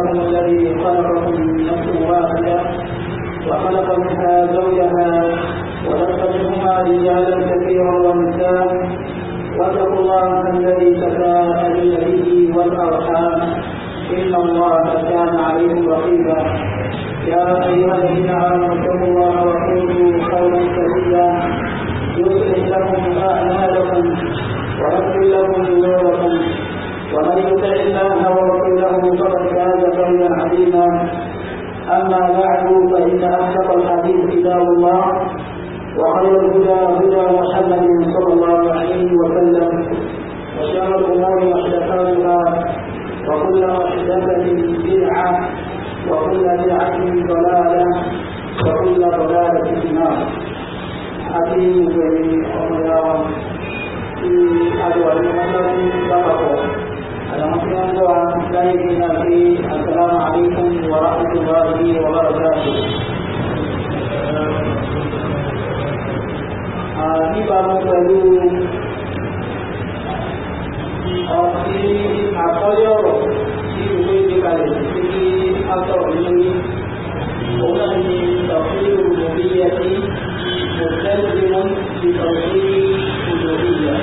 الله الذي خلقكم من نفس واحدة وخلق منها زوجها ونفس منهما رجالا كثيرا ونساء واتقوا الله الذي تساءلون به والأرحام إن الله كان عليكم رقيبا يا أيها الذين آمنوا اتقوا الله وقولوا قولا سديدا يصلح لكم أعمالكم ويغفر لكم ذنوبكم ومن كتاب الله وخير الهدى هدى محمد صلى الله عليه وسلم وشر الامور محدثاتها وكل محدثه بدعه وكل بدعه ضلاله وكل ضلاله في النار حكيم كريم عمر في ادوات محمد صدقه السلام عليكم ورحمه الله وبركاته níbàámu pẹ̀lú ọtí àkọ́lé ọ̀rọ̀ tí ìwé ìgbé kalẹ̀ sí kí a sọ̀rọ̀ lórí òun náà ni ìtọ́jú òbí ẹtí òṣèlú mú ìtọ́jú òbí ìyá.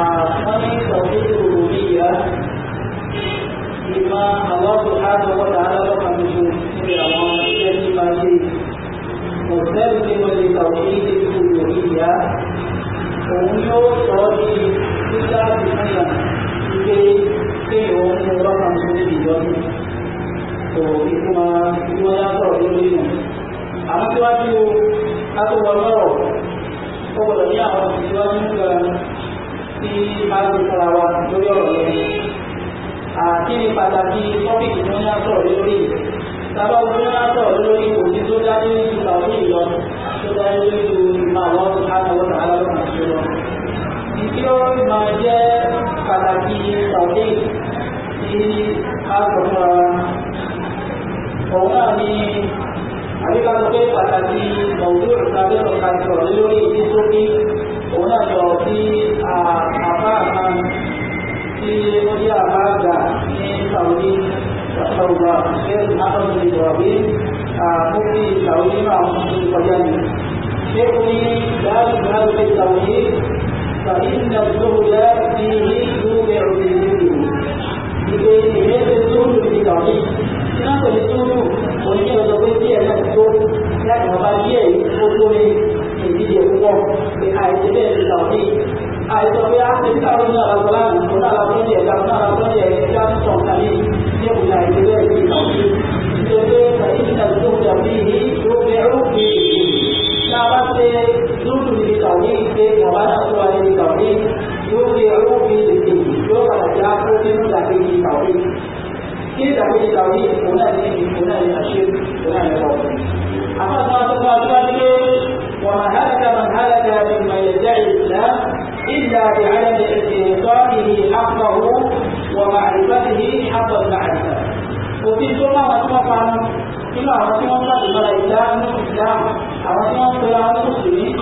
àkọ́lé ìtọ́jú òbí ìyá ìmọ̀ àwọn ọ̀dọ́ ọ̀dọ́ alọ́kànjú ní àwọn iṣẹ́ tí máa ṣe òṣèlú mú ìtọ́jú ìyá òun yóò sọ ọ́ di títà ìfúnná ìgbé kéèyàn ó mú ọlọ́pàá tó ní ìjọba tó ìfúnná tí yá sọ̀rọ̀ lórí nù. àwọn tí wọ́n ti wo akọ̀wọ́ lọ́rọ̀ ó gbọ́dọ̀ ní àwọn ìṣíwájú kan tí máa ń gbé fara wa lórí ọ̀rọ̀ yẹn. àti ní pàtàkì tọ́pìkì tí wọ́n yá sọ̀rọ̀ lórí tábà wọ́n yá sọ̀rọ̀ lórí òjì tó dá ní ìgbà tẹ́lẹ̀lú ìmọ̀ àwọn àwọn àwọn àṣírò. Ìdí ó máa jẹ́ pàtàkì ọ̀dẹ́ tí a sọ̀rọ̀ òun náà ni àríkàtọ̀ pé pàtàkì ọ̀dọ́ ìpàdé ọ̀ka sọ̀rọ̀ lórí ìdí tó ní òun náà jọ sí àbá kan tí ó jẹ́ àbá àgbà ní Saudi Sọ̀rọ̀ ìgbà kẹ́rin látọ̀dọ̀ ìgbà bí i àkókò ìgbà onímọ̀ àwọn ọmọ ìkọjá yìí. اغني لا تذهب بالتوحيد فإن الزهد فيه يوقع بالذل بكيفية الزهد في التوحيد كما الزهد وهي وظيفتي أن الزهد لا مبادئ أصول ìdíje púpọ̀ ní àìsílẹ̀ ìtàwí àìsàn pé a ti ń sáré ní ara ọ̀la nìkan lára tó ń yẹ ẹ̀ka lára tó ń yẹ ẹ̀ka ń tàn tàbí ní òun àìsílẹ̀ ìtàwí nítorí pé ìtàwí tó ń jà bí yóò bẹ̀rù bí بالتوحيد كيف وبشر عليه بالتوحيد يرجع في الدين يوقع جاءه في مستقيم التوحيد كيف تقول التوحيد هنا هنا الشرك هنا الكفر أما صلى الله عليه وما هلك من هلك مما يدعي الإسلام إلا بعدم استيقاظه حقه ومعرفته حق المعرفة وفي السنة وسوف nínú àwọn tí wọ́n gbàgbé lọ́la ìdá nínú ìdá àwọn tí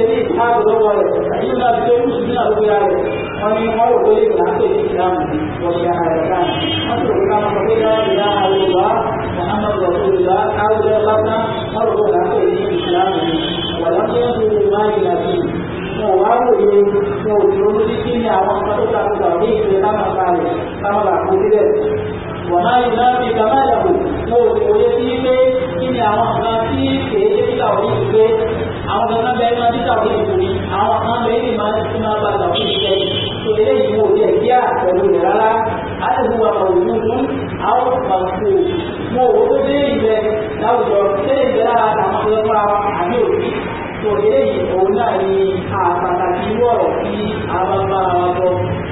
ṣe ní lọ́wọ́ rẹ̀ èyí náà ti tó mùsùlùmí náà lórí rẹ̀ wọ́n ní wọ́n rò lè gbà pé ní ìsìlámù wọ̀ṣẹ̀ àrẹ̀kán wọ́n sì rò ká pé láwọn ìlà àlùbá muhammad rasulullah káwùjọ lásán wọ́n rò pé pé ní ìsìlámù wọ̀lá tó ń lè má ìlà sí wọn wá wòye wọn ò dúró ní kí ni àwọn kan wọ́n máa yìí náà fi kàmáyàwó ò sì wòye sí pé kí ni àwọn kan tí kèé kíkà òní ti pé àwọn kankan bẹ́ẹ̀ máa dídà òní ìtòrí àwọn kan bẹ́ẹ̀ lè máa ti máa bá ìgbàgbọ́ ìṣẹ́ tó eléyìí wò jẹ́ bí àpẹ̀lú rẹ̀ rárá á lè mú wa pàwọ̀ ní ojú àwọn pàṣẹ mo ò ni àpàtàkì irú ọ̀rọ̀ tí a máa bá wa sọ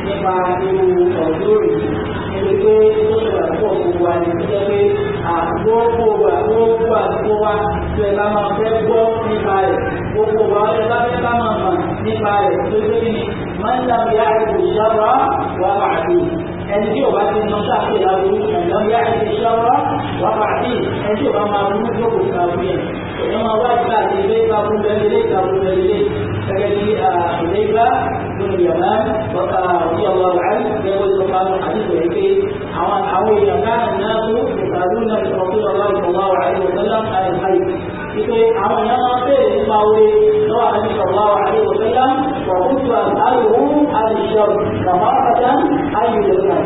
nípa irú ọ̀dọ́ òní ẹni pé ó ṣe wà púpọ̀ gbogbo wa nípa rẹ̀ gbogbo ọ̀rọ̀ ẹ̀ bá fẹ́ bá máa mọ̀ nípa rẹ̀ tó tó ní máa ń dàbí àìkú ṣáwá wà pàdé ẹni tí ò bá ti nà sáfì ìlàwó ẹ̀dàbí àìkú ṣáwá wà pàdé ẹni tí ò bá máa mú lóko ìlàwó yẹn èèyàn máa wá ìgbà àti ilé ìgbà fún bẹ́ẹ̀ ilé ìgbà fún bẹ́ẹ̀ ilé gẹ́gẹ́ bí ilé ìgbà lórí yàrá bàtà òbí ọlọ́ àrí gẹ́gẹ́ bí ọba àdìgbò yìí pé àwọn àwọn èèyàn náà náà tó ìgbà lónà ìfọ̀kúrọ̀ ọlọ́ ìfọ̀wá wà wípé àwọn èèyàn máa ń béèrè nípa orí lọ́wọ́ àti ìṣọ̀lá àti ìwòsẹ́lá wọ̀kútù àyùwú àdìṣọ́rù kàmá pátá àyùwòsẹ́lá.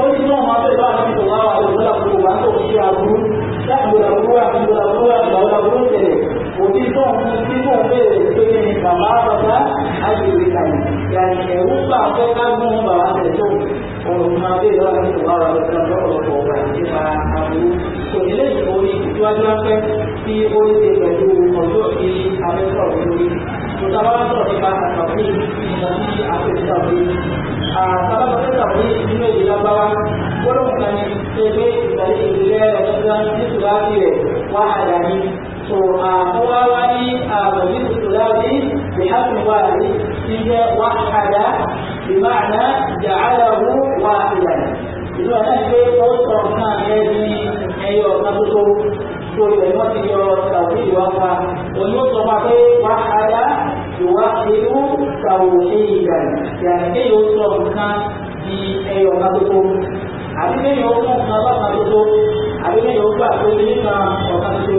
ó ti náà máa bẹ̀rẹ̀ lọ́wọ́ àti ìṣọ̀lá àti ìwòsẹ́lá gbogbo wa tó ṣe àbúrú láti ìgbòdàbúrú àti ìgbòdàbúrú àti ìgbòdàbúrú tẹ̀lé òbí tó ń tí tó ń béèrè pé kí ni kàmá pátá àyùwòsẹ́lá yàrá ẹ̀rú gbà fẹ́ ká gbọ́n bàbá tẹ̀ tó òun máa bẹ̀rẹ̀ lọ́wọ́ àti ìṣọ̀lá àti ìwòsẹ́lá lọ́wọ́ tí ó ń ṣe pẹ̀lú ọjọ́ tí a fẹ́ sọ̀rọ̀ lórí. Tòtá wá sọ̀rọ̀ nípa àtàwọn èyí ìgbà tí a fẹ́ sọ̀rọ̀ lórí. Àtàwọn fẹ́ sọ̀rọ̀ lórí nínú èdè lágbára. Gbọ́dọ̀ kan ni ṣe pé ìgbàlẹ̀ ìgbìlẹ̀ ọ̀dọ́dọ́ nítorí àti rẹ̀ wá àdá ni. So àkọ́wá wá ní àwọn ìtòlá ní ìhàtùn wá rí ti jẹ́ wá àdá ìmáàná jàálàwó wá ìlànà. Ìlú àná tó ilẹ̀ wọ́n ti yọ tàwí ìwà pa òní ó sọ pa pé wà á dá ìwà irú tàwọ̀ ìgbà yàrá pé yóò sọ nǹkan di ẹyọ ọ̀gá tó àbí pé yóò mú nǹkan lọ́kàn tó àbí pé yóò gbà tó ní nǹkan ọ̀gá tó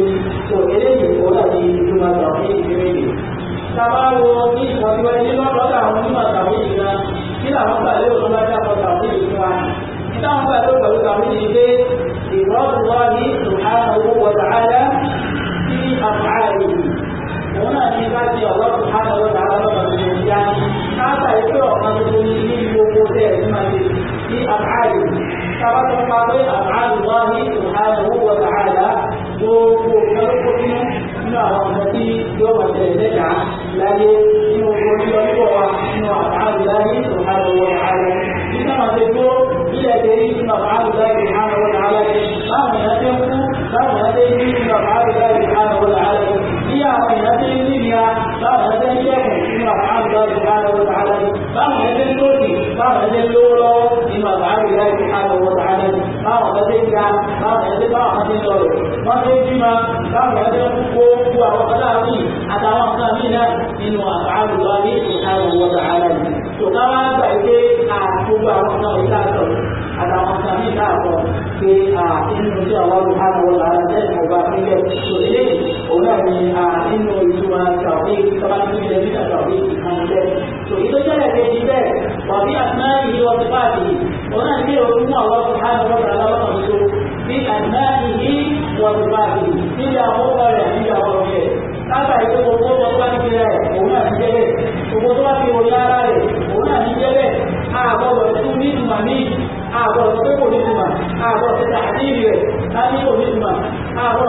tó eléyìí kò láti ìtumọ̀ tàwí ìgbèrè yìí. sábà wo ní ìkọ̀síwájú lọ́dọ̀ àwọn onímọ̀ tàwí ìgbà kí làwọn gbà lérò tó bá dá táwọn bá lọ pẹ̀lú tàwọn yìí pé ìrọ́lùwọ́ ní subhanahu wa ta'ala sí àfààrí òun náà ní bá ti ọ̀rọ̀ subhanahu wa ta'ala lọ́wọ́ tó lè yá káàtà ìpè ọ̀kan tó ní ní gbogbo tẹ̀ ní máa ṣe sí àfààrí sábà tó yóò mọ̀ tẹ̀lé dáa láyé nínú gbogbo nínú àfààrí láyé من أفعال الله سبحانه وتعالى ما من هديه ما من هديه من أفعال الله سبحانه وتعالى هي من هديه الدنيا ما من هديه شيء من أفعال الله سبحانه وتعالى ما من هديه الكرسي ما من هديه اللولو من أفعال الله سبحانه وتعالى ما من هديه ما من هديه ما من هديه ما من هديه ما من هديه كوكو وقلامي أتوقع منا من أفعال الله سبحانه وتعالى ဆိုကားပါတဲ့အာဘုရားဟောတာတော် nǹkan ní ìdáàbọ̀ pé nínú tí àwọn olùhánà wọn là á lẹ́nu ọba níbẹ̀ tó ilé òun náà ni nínú ìtura tàbí tọ́lá tó ilẹ̀ nígbà tàbí ìkan bẹ́ẹ̀. tó ìtọ́jọ́ rẹ̀ lè ní bẹ́ẹ̀ wà bí àtúnáyé ìlú ọtí báàgì òun náà ní èrò fún àwọn ಆ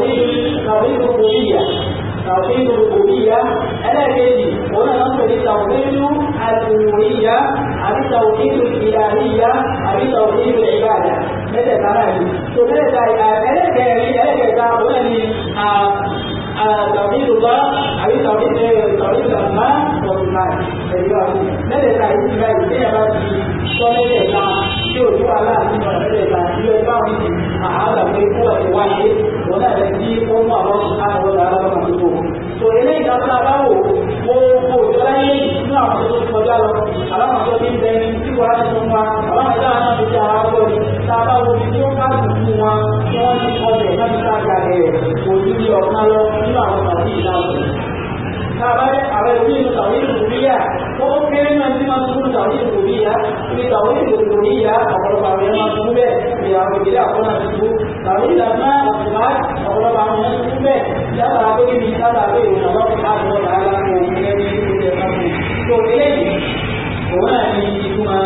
توحيد توحيد الربوبية توحيد الربوبية أنا كذي هنا ننظر توحيد الألوهية أبي توحيد الإلهية أبي توحيد العبادة ماذا تراني؟ شو ماذا أنا كذي أنا كذا هنا لي توحيد الله أبي توحيد توحيد الأسماء والصفات ماذا تعني في هذه الأيام؟ شو ماذا تعني؟ شو الله أكبر ماذا تعني؟ شو الله هذا في قوة واحد ولا الذي قوم الله سبحانه وتعالى مخلوق فإليه تطلبه gbogbo ìjọba yìí nínú àwọn tó ti kọjá lọ àwọn àjọ bíi bẹni tí wàá ti fún wa àwọn àjọ àwọn àti àwọn àgbọ̀ ni tá a bá wo ibi tí ó bá dùn fún wa tí wọ́n ti kọ́ bẹ̀ láti ká ga rẹ̀ kò ní bí ọ̀kan lọ nínú àwọn tàbí ìlànà. tá a bá rẹ àwọn ìlú ìlú tàbí ìlú rí à ó kéré náà tí máa tún tàwọn ìlú rí ya ní tàwọn ìlú rí ya ọ̀pọ̀lọpọ̀ àwọn ẹ̀rọ tún bẹ́ẹ̀ ní àwọn ìdílé àkọ́nà tuntun tàwọn ìlú àmà àtùmá ọ̀pọ̀lọpọ̀ àwọn ẹ̀rọ tún bẹ́ẹ̀ yálà abẹ́rẹ́ mi yálà abẹ́rẹ́ ìrìn àwọn ọ̀pá àwọn ọ̀la aláwọ̀ ìrìn ní ìlú ẹ̀ka tó eléyìí òun náà ní ìtumọ̀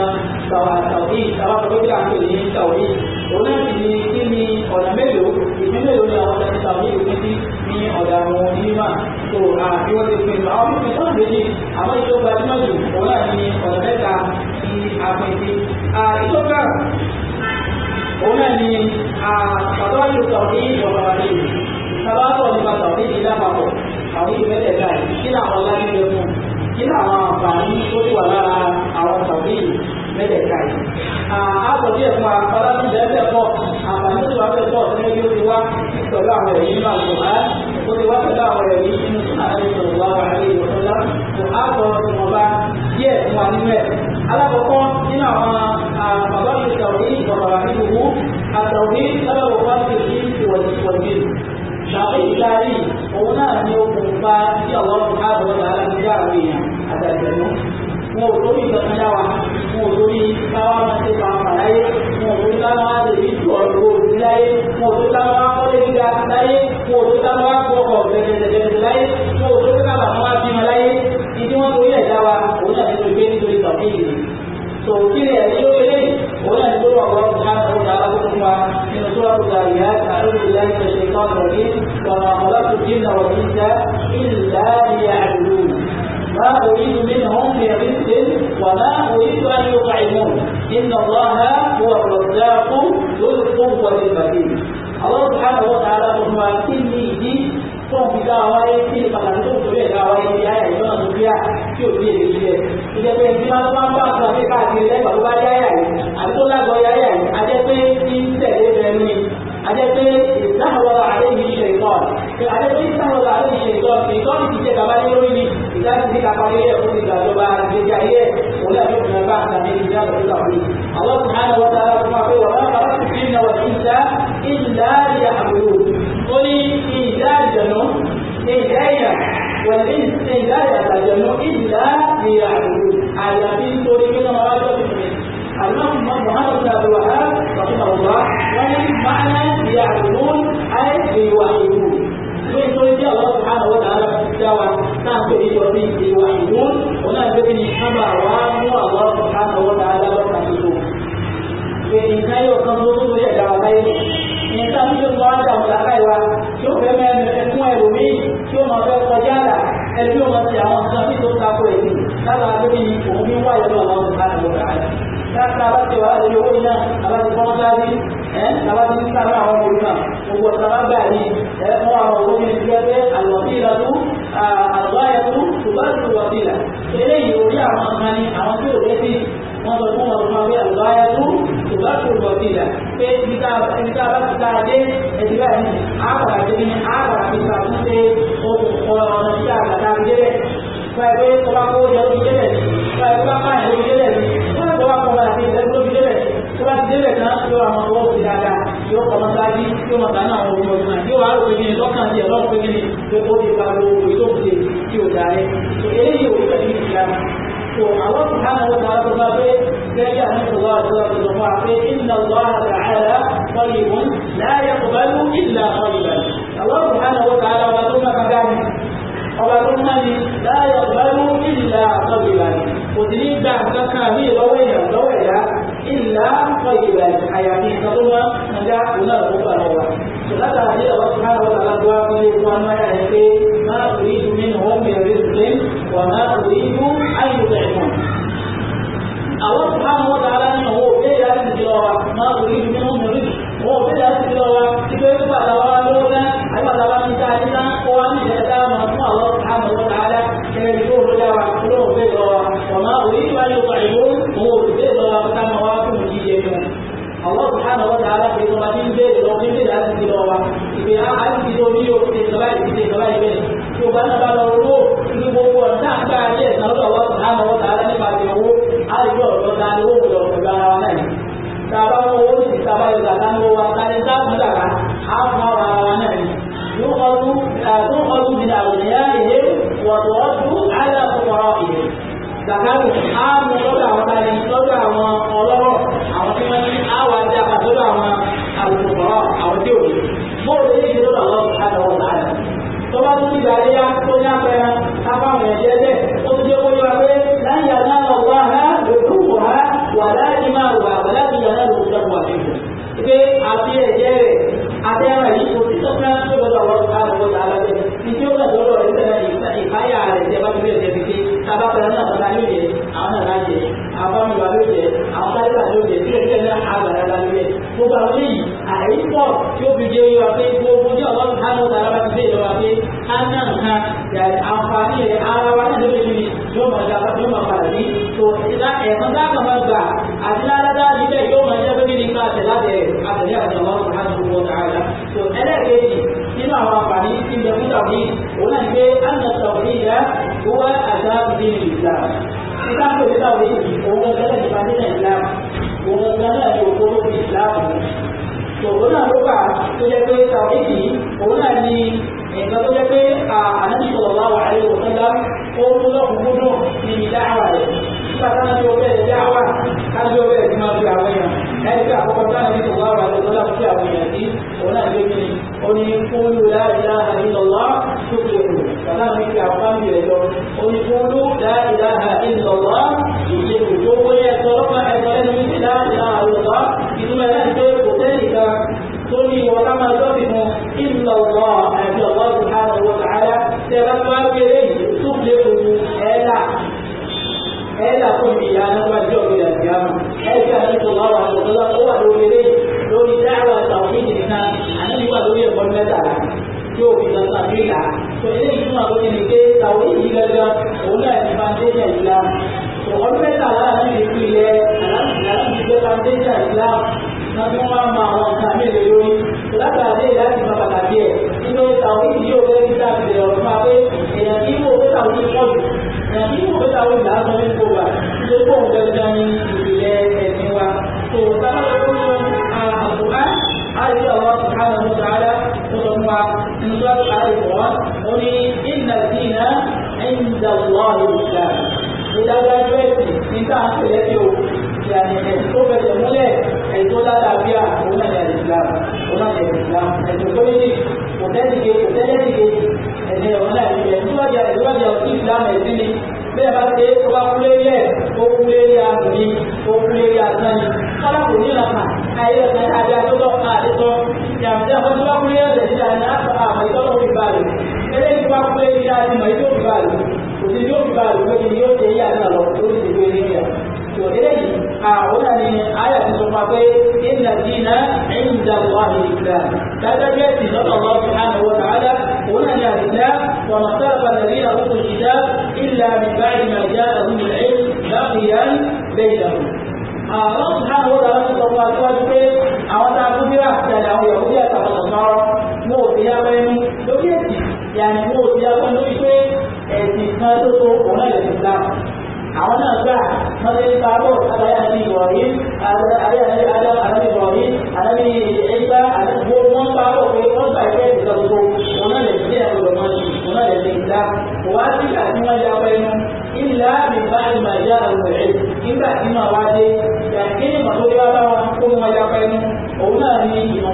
tàwọn àtàwọn òun ni kí ni ọ̀nà mélòó ìpín mélòó ni àwọn ọ̀nà ìtàwé ìpín sí ní ọ̀dà àwọn onímọ̀ tó àbí wọ́n ti pín àwọn pípín náà méjì àmọ́ ìjọ gbajúmọ̀ jù òun ni ọ̀nà mẹ́ta ti apin sí. ìjọba òun náà ni àtọ́jú tọ̀kí ìjọba rẹ̀ sábàtọ̀ nípa tọ̀kí ìdílé àpapọ̀ àwọn ìgbẹ́lẹ̀ láì kí làwọn láti lè fún kí làwọn àǹfààní tó wà lára àwọn tọ̀kí yìí mẹ́tẹ̀ẹ̀ka yìí. àbọ̀ díẹ̀ fún wa bàbá tó bẹ̀rẹ̀ bẹ̀ pọ̀ àbàní tó bá bẹ̀ pọ̀ sínú yóò ti wá pẹ̀lú àwọn ẹ̀rí nínú àgbò á ó ti wá pẹ̀lú àwọn ẹ̀rí nínú àdéhùn wa wà ní ìwọ̀sánlá kò àbọ̀ ìwọ̀nba díẹ̀ fún wa nínú ẹ̀. alákọ̀ọ́kọ́ nínú àwọn bàbá mi sàwọ́dí ìjọba ní gbogbo àtàwọ́dí lábàbọ̀ wá sí ìwọ̀sí ṣàwọn ìdarí òun náà ní okùnfà tí ọlọ́run ká bọ̀ lára ní wọn ò lórí ìtọ́jú dá wa wọn ò lórí káwá máa ṣe pàápàá láyé wọn ò lórí káwá lè rí ọ̀rọ̀ òbí láyé wọn ò lórí káwá kọ́lé gíga láyé wọn ò lórí káwá gbọ́ ọ̀ bẹ̀rẹ̀ láyé wọn ò lórí káwá máa bímọ láyé ìdí wọn torí ẹ̀dá wa òun náà ti tó gbé nítorí tọ̀kí yìí tòkí rẹ̀ ní ó lé òun náà ti tó wà wọ́n ká ó dá wa fún wa nínú tó wà tó ga ìyá àlóyè láyé ṣe ṣe kọ́ ọ̀rọ̀ yìí kọ̀ọ̀rọ̀ ọ̀rọ̀ tó dín náà wọ̀ ما أريد منهم في رزق وما أريد أن يطعمون إن الله هو الرزاق ذو القوة المتين الله سبحانه وتعالى رحمة إني دي fún fi dá wa yé kí ni pàtàkì tó tó lè dá wa yé ní ayé ìjọba tó bíyà tí ò ní èdè sílẹ̀. ìjẹ́pẹ́ ìdí máa bá bá àgbà pé káàkiri lẹ́gbàá tó bá yá yà yìí àti tó lágbọ́ yá yà yìí ajẹ́pẹ́ ti ń tẹ̀lé bẹ́ẹ̀ ni ajẹ́pẹ́ ìdáhùn wa àlẹ́ yìí ṣe ìtọ́ àjẹ́pẹ́ ìdáhùn wa àlẹ́ yìí ṣe ìtọ́ ìtọ́ ti ti jẹ́ bàbá lé lórí ni ìjáde ní kápá ilé ẹ̀kọ́ ti gbàjọba ìgbésí ayé òun àti òfin bá àtàmì ìjà lọ́dún tàbí. àwọn ọ̀sán àná wọ́n tara fún wa pé wọ́n máa bá ti fi ń náwó ìjà ìlà ìyá àbúrò ó ní ìjà ìjọ̀nà ìjà ìyà wọ́n ní ìjà ìyà àtàjọ̀nà ìjà ìyà àbúrò àyàfi nítorí pé wọ́n máa jọ الإمام محمد بن عبد الوهاب رحمه الله يعني معنى يعبدون أي يوحدون. يقول الله náà pé ní ọdún ìdí wa ìwọ́n wọn náà pé ní sábà wá mú àwọn ọ̀sán àwọn tààlà lọ́ta nínú pé nǹkan yóò kan tó tó lórí ẹ̀dá wa láyé nǹkan tí ó sọ wá dàmú lákàyè wa tí ó fẹ́ mẹ́rin ẹkún ẹlòmíì tí ó máa fẹ́ kọjá àlà ẹbí ó máa ti àwọn nǹkan tí tó ta ko èyí lábàá pé ní òun ẹ̀fọ́ àwọn olóyè ìgbẹ́gbẹ́ àlọ́bílà tó àlọ́yà tó tó bá tó wọ́bílà eléyìí orí àwọn kan ní àwọn tí ò lẹ́sí wọ́n sọ fún ọdún wọn pé àlọ́yà tó tó bá tó wọ́bílà pé ibi tá a bá ti dára dé ẹ̀sìn báyìí ní àbàrà dé ní àbàrà fi sàkún pé ó kọ ọ̀nà tí a bàtà fi dé bẹ́ẹ̀ báyìí yóò kọ́ mọ́sáájú yóò mọ̀ sáánà àwọn omi ọdún náà yóò wá rò pé kíni lọ́kàn sí ọlọ́run pé kíni pé ó ti pa gbogbo ètò òkúté tí ò dáa rẹ̀ tó eléyìí ò pẹ̀lú ìsìlámù tó àwọn sùhánà wọn tààrà tó bá pé gẹ́gẹ́ àmúkọ̀wá àtúrà tó sọ̀rọ̀ pé iná lọ́ àtàrà kọ́lì wọn láyé kọ̀bálú ìlà kọ́lì bàlú àwọn sùhánà wọn tààrà ọba tó máa ká ní ọba tó máa ìlà kọ́lì bàlú kò kankan ní ìlọ́wọ́ ìyàwó lọ́wọ́ ìyá إلا غير ذلك حياتي كما نجاح هنا الغفر هو فقد أهدي الله سبحانه وتعالى دعاء كل ما يأتي ما أريد منهم من رزق وما أريد أن يطعمون الله سبحانه وتعالى أنه هو في ذلك الجلوة ما أريد منهم من رزق هو في ذلك الجلوة كيف يبقى دعاء لولا أيضا دعاء من تعليلا قوام جهدا مرحوم الله سبحانه وتعالى كيف يقول رجاء وما أريد أن يطعمون ilé ìwọlá pátá máa wá fún òjì yẹ mi àwọn subhanahu wa ta'ala pé tó máa ní bẹ́ẹ̀ lọ ní bẹ́ẹ̀ láti ti lọ wa ìgbé àti ti tó ní o ti ìjọba ìdí ti ìjọba ìbẹ̀ tí o bá ń bá lọ owó ní gbogbo ọ̀nà àgbà ayé ẹ̀sán lọ́dọ̀ wa subhanahu wa ọ̀dọ̀ ta ẹ̀sùn tó yé kò tẹ́lẹ̀dìgé kò tẹ́lẹ̀dìgé ẹ̀sìn ẹ̀wọ̀n náà ti bẹ̀rẹ̀ níwájà ìwájà ọtí ìsìlámù ẹ̀sìn ni bẹ́ẹ̀ bá ṣe tó bá kú lérí ẹ̀ ó kú lérí ààbò ni ó kú lérí asán ni kọ́lá kò ní ìlànà ayé ọ̀sán àbí atọ́tọ́ àdétọ́ ìyàwó tí a fọ́n tó bá kú lérí ẹ̀sẹ̀ sí àná àmọ́ ìtọ́lọ́ fi bá rẹ̀ eléyìí tó bá kú lérí láti mọ̀ ìtọ́ fi bá rẹ̀ òsì yóò fi bá rẹ̀ lóye yóò ṣe yíyá náà lọ lórí ìdíwé nígbà àwọn ní ayé ti sọ pé inna dina inda Allahi al-Islam dájájú ẹ̀sìn lọ́dọ̀ Allah subhanahu wa ta'ala òun ní àdìlá wa ma ikhtalafa alladhina utul kitab illa min ba'di ma ja'ahum al-'ilm baghyan baynahum. Allah subhanahu wa ta'ala sọ fún akíwájú pé àwọn tá a tún bí àtàlẹ̀ àwọn Yahudi àtàwọn ọ̀sán mo ò fi yá bẹ́ẹ̀ ní lórí ẹ̀sìn yàní mo ò fi yá bẹ́ẹ̀ lórí pé ẹ̀sìn kan tó tó òun náà lè àwọn náà gbà wọ́n ti nípa bọ̀ àbáyé àti ada, ada, ada, ada ìrọ̀rí àbáyé ada àti wọ́n Ada bọ̀ pé wọ́n gbà ẹgbẹ́ ìjọba gbogbo wọn náà lè fi ẹ̀rọ mọ́ sí wọn náà lè fi ìta wọ́n á sì kà sí wọ́n ya ọpẹ́ inú ìlà àbíbá ìmọ̀ ìyá àwọn ẹ̀ nígbà tí wọ́n wá dé ini ni ìmọ̀ tó dé wá bá wọn kó wọn ya ọpẹ́ inú òun náà ni ìmọ̀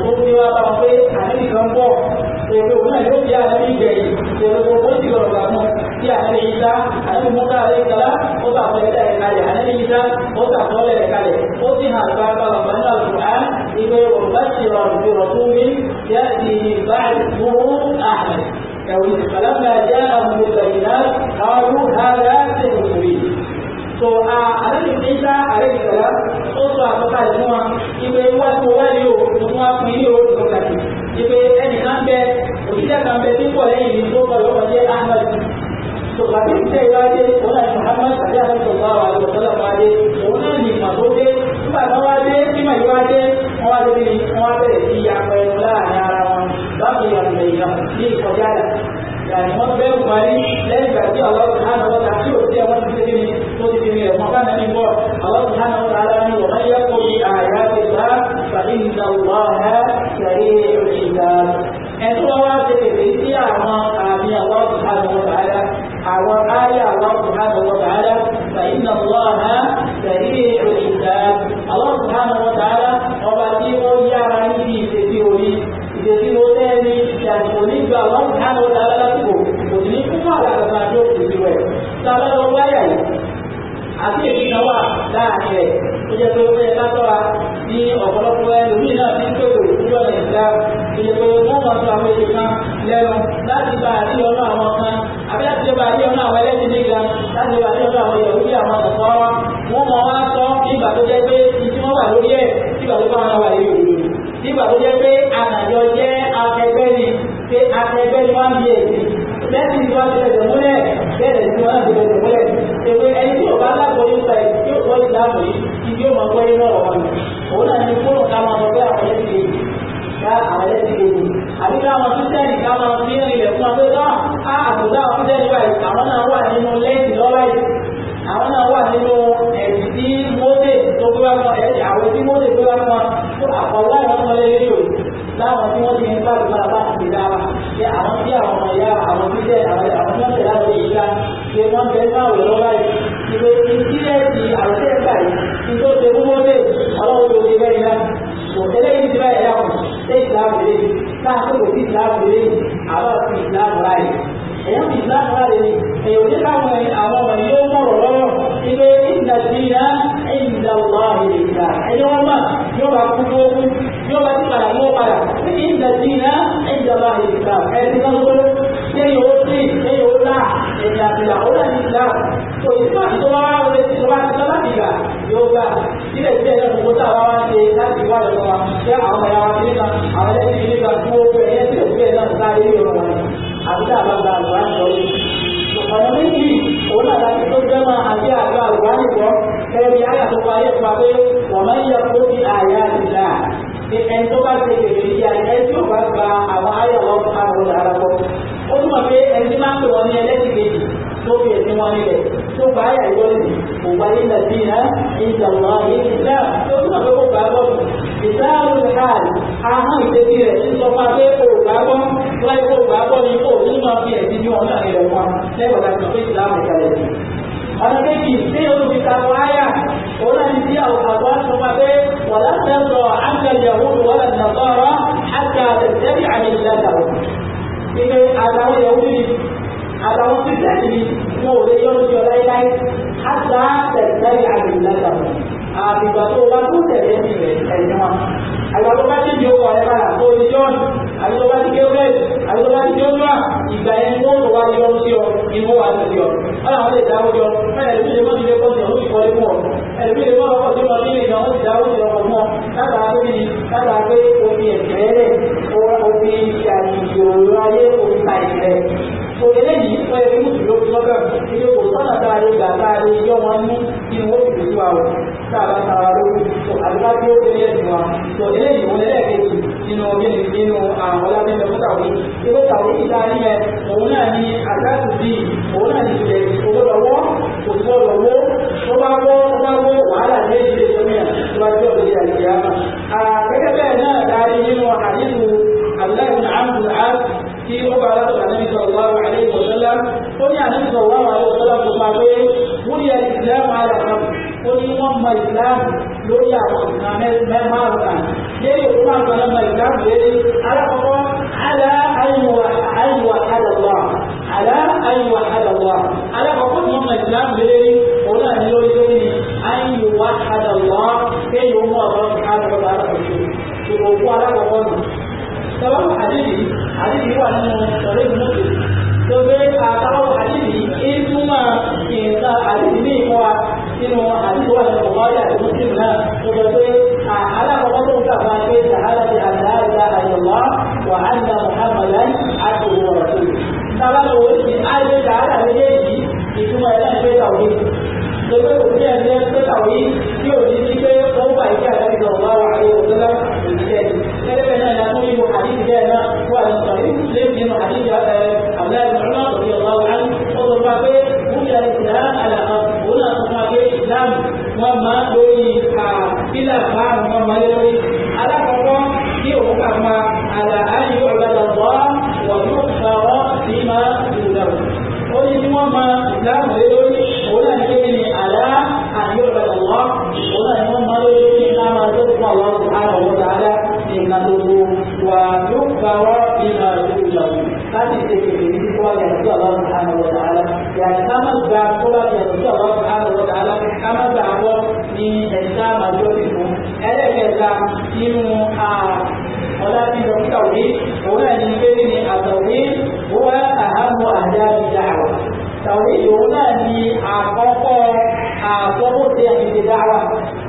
èmi òun náà yóò fi àlẹ́ ìgbẹ̀yìn ìṣòro tó ti lọ̀rọ̀ gbà mọ́ tí àlẹ́ ìta àti mọ́tà àlẹ́ ìtara ó tà fọ́ ẹ̀dá ẹ̀ka rẹ̀ àlẹ́ ìta ó tà fọ́ ẹ̀dá ẹ̀ka rẹ̀ ó ti hàn gba balọ̀gbà náà lù á ìgbé òrùka ti rọrùn ju rọ̀tún mi yá ti bá ìfúrú àhàn ẹ̀wọ̀n ìfàlámà jẹ́ àwọn olùgbàyìnà àwọn ará tẹ̀wọ̀n so àlejò tí ń dá àlejò tẹ̀lá ó sọ àkọ́kọ́ àìfún wa ìgbé wá tí wá ní o mo tún wá fún o ìgbọ̀ngàdì wípé ẹnì kan bẹ òṣìṣẹ́ kan bẹ tí pọ̀ lẹ́yìn ní tó kọlọ́ wọlé ahmed tòkàtí ìṣe ìwádìí òun àti muhammad àti àtúntò wa àti ọ̀sọ́lá wa dé òun náà ní ìmọ̀ tó dé nígbà tó wá dé nígbà yìí wá dé wọ́n wá dé ní wọ́n bẹ̀rẹ̀ sí ya pẹ̀lú láàrin ara wọn báwo ni àgbẹ̀ ìyá ní ìkọjá rẹ̀ yàrá wọn bẹ́ẹ̀ wà ní lẹ́yìn ìgbà tí ọlọ́run àwọn ayé àwọn subhanahu wa ta'ala fa inna Allaha sari'ul hisab àwọn subhanahu wa ta'ala ọba tí ó yára níbi ìṣèṣì orí ìṣèṣì ló tẹ́ni ìṣàkóso nígbà àwọn subhanahu wa ta'ala lásìkò kò sí ní kúkú àgbàlagbà tí ó kù sí rẹ̀ sábà lọ wáyà yìí àti èyí náà wà láàrin rẹ̀ ó jẹ́ pé ó wọn ní kí ni wọ́n fi lè wá wọ̀ tá a bá tara lórí tó àdúrà tí ó fi lè ẹ̀sìn wa tó eléyìí wọn lẹ́ẹ̀kejì nínú ọdún nínú àwọn ọlábẹ́lẹ̀ fún tàwé ìwé tàwé ìta nílẹ̀ òun náà ní àdáàtú bíi òun náà ní ìṣẹ̀lẹ̀ òwòlọ́wọ́ kò tó lọ́wọ́ tó bá wọ́ tó bá wọ́ wàhálà ní ìṣẹ̀lẹ̀ ìṣẹ̀lẹ̀ tó bá jẹ́ òde àìyá gẹ́gẹ́ bẹ́ẹ̀ náà dáadé nínú àdínkù aláìsàn àmì àti ó bá aláṣọ nípa pé wúni ẹ̀ ìsìlámù àlọ́kàn ó ní wọ́n mọ ìsìlámù lórí àwọn ìsìlámù mẹ́márùn-ún kan lérí òkú àwọn ọmọ ìsìlámù lérí alákọ̀ọ́kọ́ alá àyùwà àdàlọ́ alá àyùwà àdàlọ́ alákọ̀ọ́kọ́ ní ọmọ ìsìlámù lérí òun náà ní lórí lórí ni àyùwà àdàlọ́ kéèyàn mú ọ̀dọ́ àdàlọ́ òkú alákọ̀ọ́kọ́ nù. sọ́wọ́n àdìdì àdìdì wà nínú ọ̀rẹ́ ìmúlẹ̀ tó gbé àtàwọn fún wa nínú àdúgbò àti ọ̀gá ọ̀yà ìlú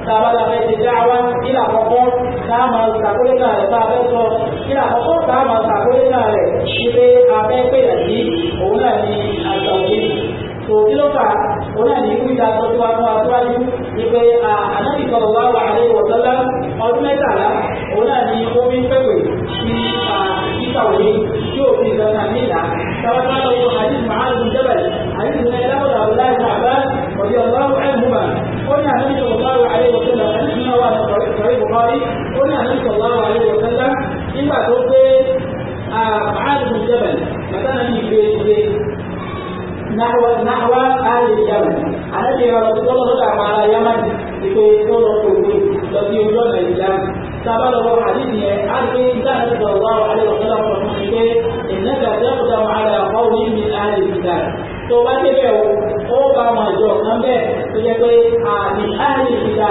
tàbá la fẹ́ ṣe dáwà kí là kọ́kọ́ táà máa ṣàkólé náà rẹ̀ táà fẹ́ sọ kí là kọ́kọ́ máa ṣàkólé náà rẹ̀ kí pé a fẹ́ sí òun náà ní àgbà tó kí ló fà òun náà ní kúta sọ tí wàá fún ni pé ànábì sọ̀rọ̀ wá wà ní ìwọ̀sọ́lá ọdún mẹ́tàlá òun náà ní omi pẹ̀pẹ̀ sí kíkà òní tí òfin ìgbà náà Bukhari ó ní àná sọ̀rọ̀ àwọn àlejò sẹ́lá nígbà tó gbé àádùn jẹ́bẹ̀l màtánà ní ìgbé ìgbé náwá àlè jẹ́bẹ̀l àlejò ìrọ̀ tó lọ sọ́dọ̀ àwọn ará yamani ìpè tó lọ kò gbé lọ sí ojú ọ̀nà ìjà sábà lọ́wọ́ àdìsí yẹn á gbé ìdáná sọ̀rọ̀ àwọn àlejò sẹ́lá fún ọmọ ìgbé ìnáka tẹ́kùtà màálà ọ̀wọ́ ní àlè ìjà tó bá débẹ̀ ó bá wọn àjọ kan bẹ́ẹ̀ tó jẹ́ pé àmì àlè ìjà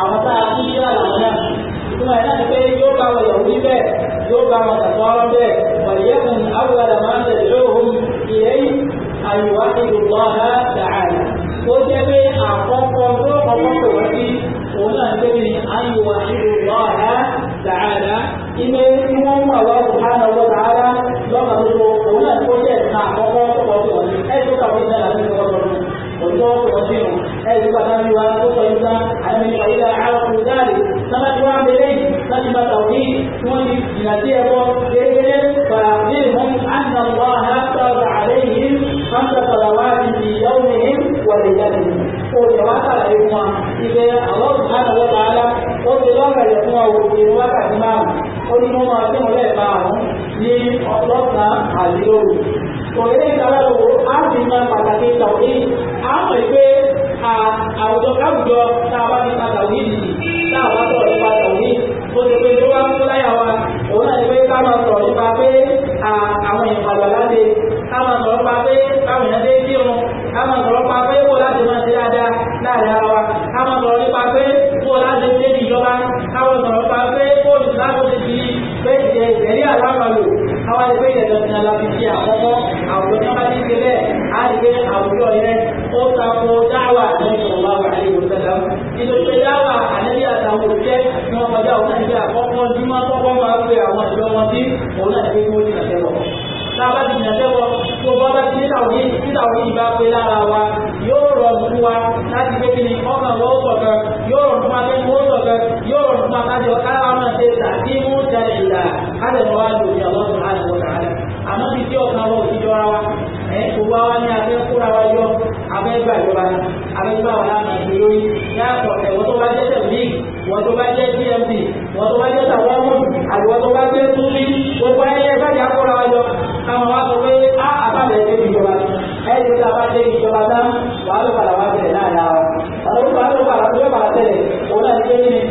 àwọn tá a kú síra làwọn náà ìtumọ̀ ẹ̀ náà ni pé yóò bá wọn yàwó níbẹ̀ yóò bá wọn tàtọ́ ọ́rọ́ bẹ́ẹ̀ wàlíyẹ́kùn awùwàlà máa ń tẹ̀lé òhun ìyẹ́ àyùwá ìdùnnà tààlà ó jẹ́ pé àkọ́kọ́ tó kọ́kọ́ pè wá sí òun náà ń pè ní àyùwá ìdùnnà tààlà ilé tí wọ́n mú àwọn ọ̀hánà ọ̀wọ́ tààlà lọ́kà tó òun náà tó tó tó kàwé náà láti kọ́kọ́ tó òun tó kọ́kọ́ tó kàwé náà من وإذا عرفوا ذلك سمت وعد إليه سلم توحيد نودي بنتيهم فأخبرهم أن الله فرض عليهم خمس صلوات في يومهم وليلتهم قل وقع لهم إذا الله سبحانه وتعالى قل وقع لهم وقل وقع لهم قل لهم أتم لهم ni ọlọ́sàn àdéhùn. Kò ní ìdáwọ́ àti máa pàtàkì tàbí àwọn ìgbé àwùjọ káwùjọ tá ní padà òní nìyí tá a bá ó ti pé ló wá ń láyà wa òun náà pé ká sọ nítorí pé dáwà ànẹ́bí àtàwọn òṣìṣẹ́ ní wọn kọjá òun náà ní pé àkọ́kọ́ júmọ́ kọ́kọ́ máa ń pe àwọn ìjọ wọn sí òun náà ní pé kí wọ́n jìnà sẹ́wọ̀ tá a bá ti jìnà sẹ́wọ̀ tó bọ́ bá ti títà òní títà òní ìbá pé lára wa yóò rọ̀ fún wa láti pé kí ni ọkàn wọ́n sọ̀kan yóò rọ̀ fún wa pé wọ́n sọ̀kan yóò rọ̀ fún wa kájọ kára máa ṣe tàbí mú jáde ìlà kájọ wa lò ní ọ̀wọ́ sọ̀rọ̀ yàtọ̀ ẹ̀wọ́n tó bá jẹ́ tẹ̀lé wọ́n tó bá jẹ́ tmc wọ́n tó bá jẹ́ tàwọ́mù àgbọ̀ tó bá jẹ́ túnlí gbogbo ẹyẹ báyìí akọ́ra wájọ káwọn wá sọ pé á àbábẹ̀ ẹ̀ ìjọba ẹ̀yìn tó bá jẹ́ ìjọba tán wàá ló padà wá bẹ̀rẹ̀ láàárín wa àwọn olùkọ́ àlọ́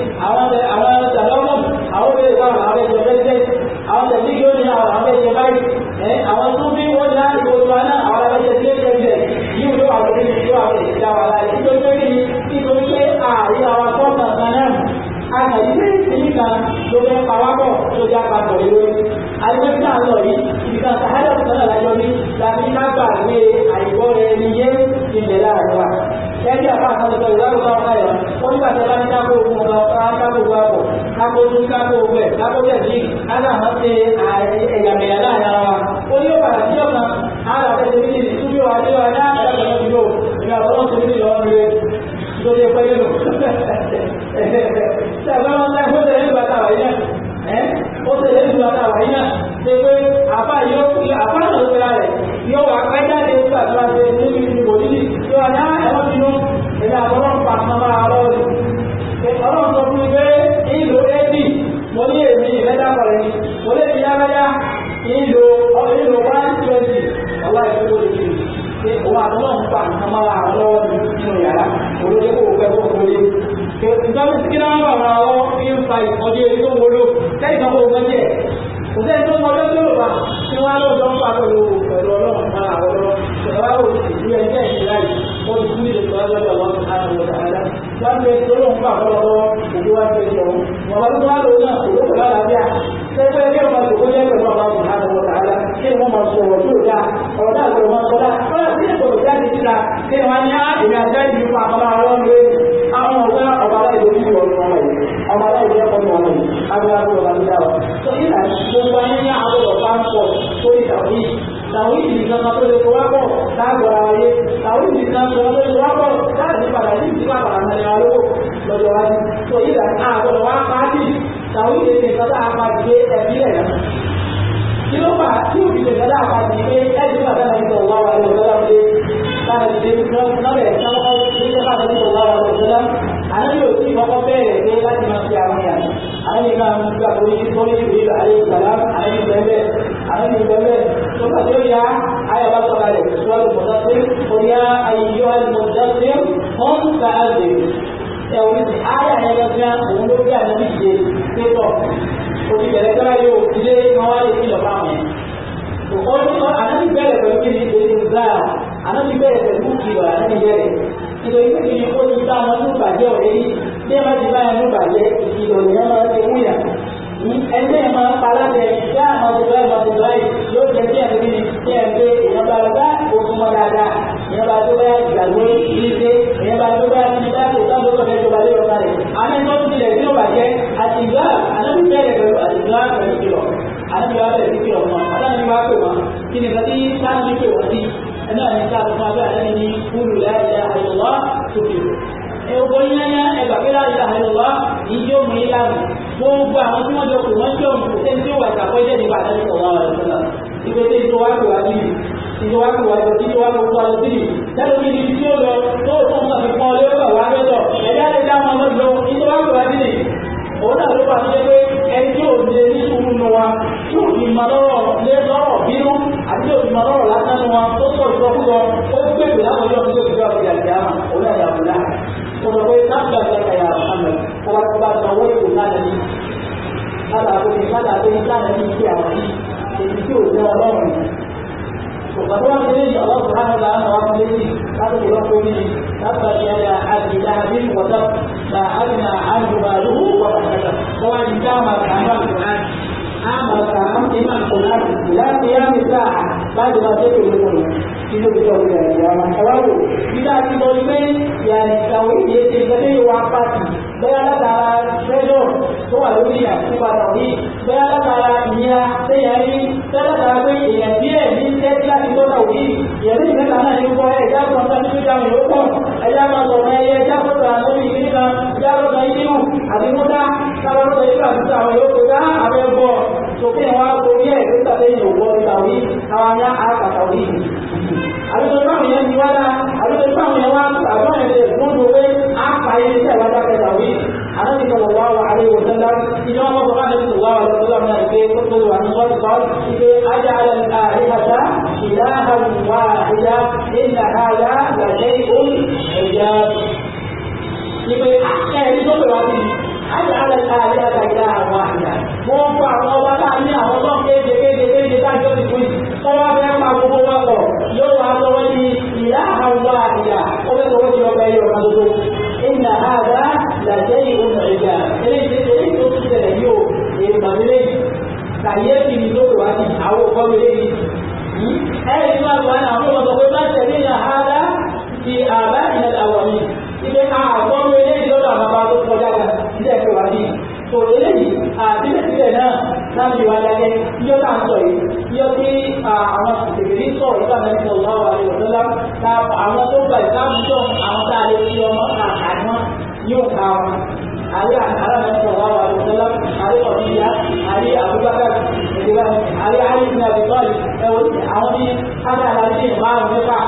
Ali alábẹ́ sọ̀rọ̀ àwọn àdìsọ́lá Ali ọ̀dìyà Ali Abubakar ìdíwá Ali Ali ibn Abi Talib ẹ̀wọ̀n àwọn ní ádá aláṣẹ ìmáàrún mẹ́fà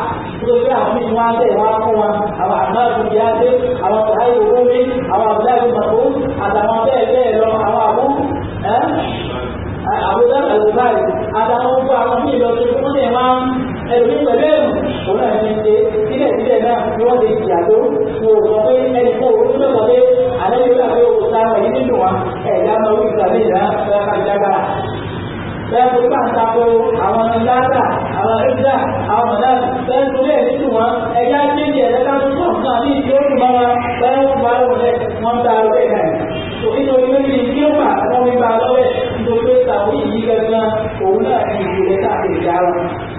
tó fi àwọn mímu wá bẹ́ẹ̀ wá fún wa àwọn àmọ́ ìdíyà dé àwọn sàáyé owó mi àwọn àbúlá ìgbàgbó àtàwọn bẹ́ẹ̀ bẹ́ẹ̀ lọ àwọn àbú àbúlá àlùbáyé àtàwọn gbogbo àwọn míì lọ sí fún ẹ̀rí pẹ̀lú ẹ̀rù òun náà ti ṣe sílẹ̀ sílẹ̀ náà ni wọ́n ti jìyà tó wò sọ pé ẹni kó o tún sọ pé alẹ́ yóò gbà pé o ta ẹ̀yí nínú wa ẹ̀dá máa wí ìgbà méjì náà fẹ́ ká jágbá. bẹ́ẹ̀ tó bá ń tako àwọn ìlànà àwọn ẹ̀dá àwọn ọ̀dà bẹ́ẹ̀ tó lẹ̀ nínú wa ẹ̀yà kéjì ẹ̀dá tó pọ̀ fún àmì ìdíwọ́n mọ́ wa bẹ́ẹ̀ wọ́n bá wọn ta ọ̀rẹ́ náà nítorí lórí kí ó bà wọ́n mi bá lọ́wọ́ nítorí pé tàwọn ìyí gẹ́gẹ́ òun náà ti ìṣẹ̀lẹ̀ káàkiri dára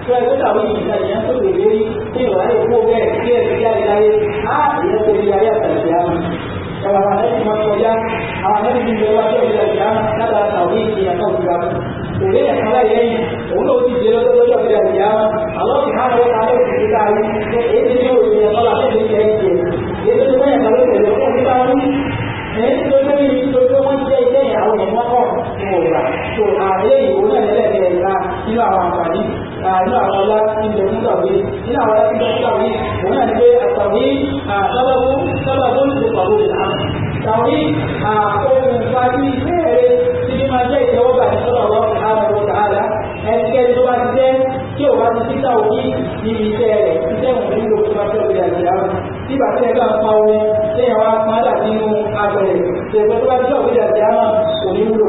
所以不少问题呢，人家都属于这种还有后面第二第二代，他也是比较要等级啊。那么反正什么国家啊，那你觉得这个等级那个扫地机也够不着。我们也常在原因，我们都觉得这个要不了解啊。好了，其他国家都是在于，那谁只有也到了这里解解，也就是为了这个国家单位，人都对于这个问题在建议好眼光好，对吧？就啊，这里无论在哪里啊，希望啊。nínú àwọn ọlá tí ń bẹ fún tàwí nínú àwọn ọlá tí ń bẹ fún tàwí òun náà ni pé àtàwí sábàbó sábàbó ní kò pàbó lè náà tàwí ohun fagi léèrè tí bí máa jẹ́ ìtẹ́wọ́gbà ní sọ́dọ̀ ọ̀rọ̀ àwọn ọ̀rọ̀ tó bá ti jẹ́ tí ò bá ti sí tàwí níbi iṣẹ́ rẹ̀ iṣẹ́ òun nílò tó bá fẹ́ lè àjẹ́ tí bàtí ẹgbẹ́ àwọn ọmọ ohun tí ẹ̀wà padà nínú agbẹ̀rẹ̀ tẹ̀gbẹ́ tó bá ti sọ̀rọ̀ lè àjẹ́ òní wúlò.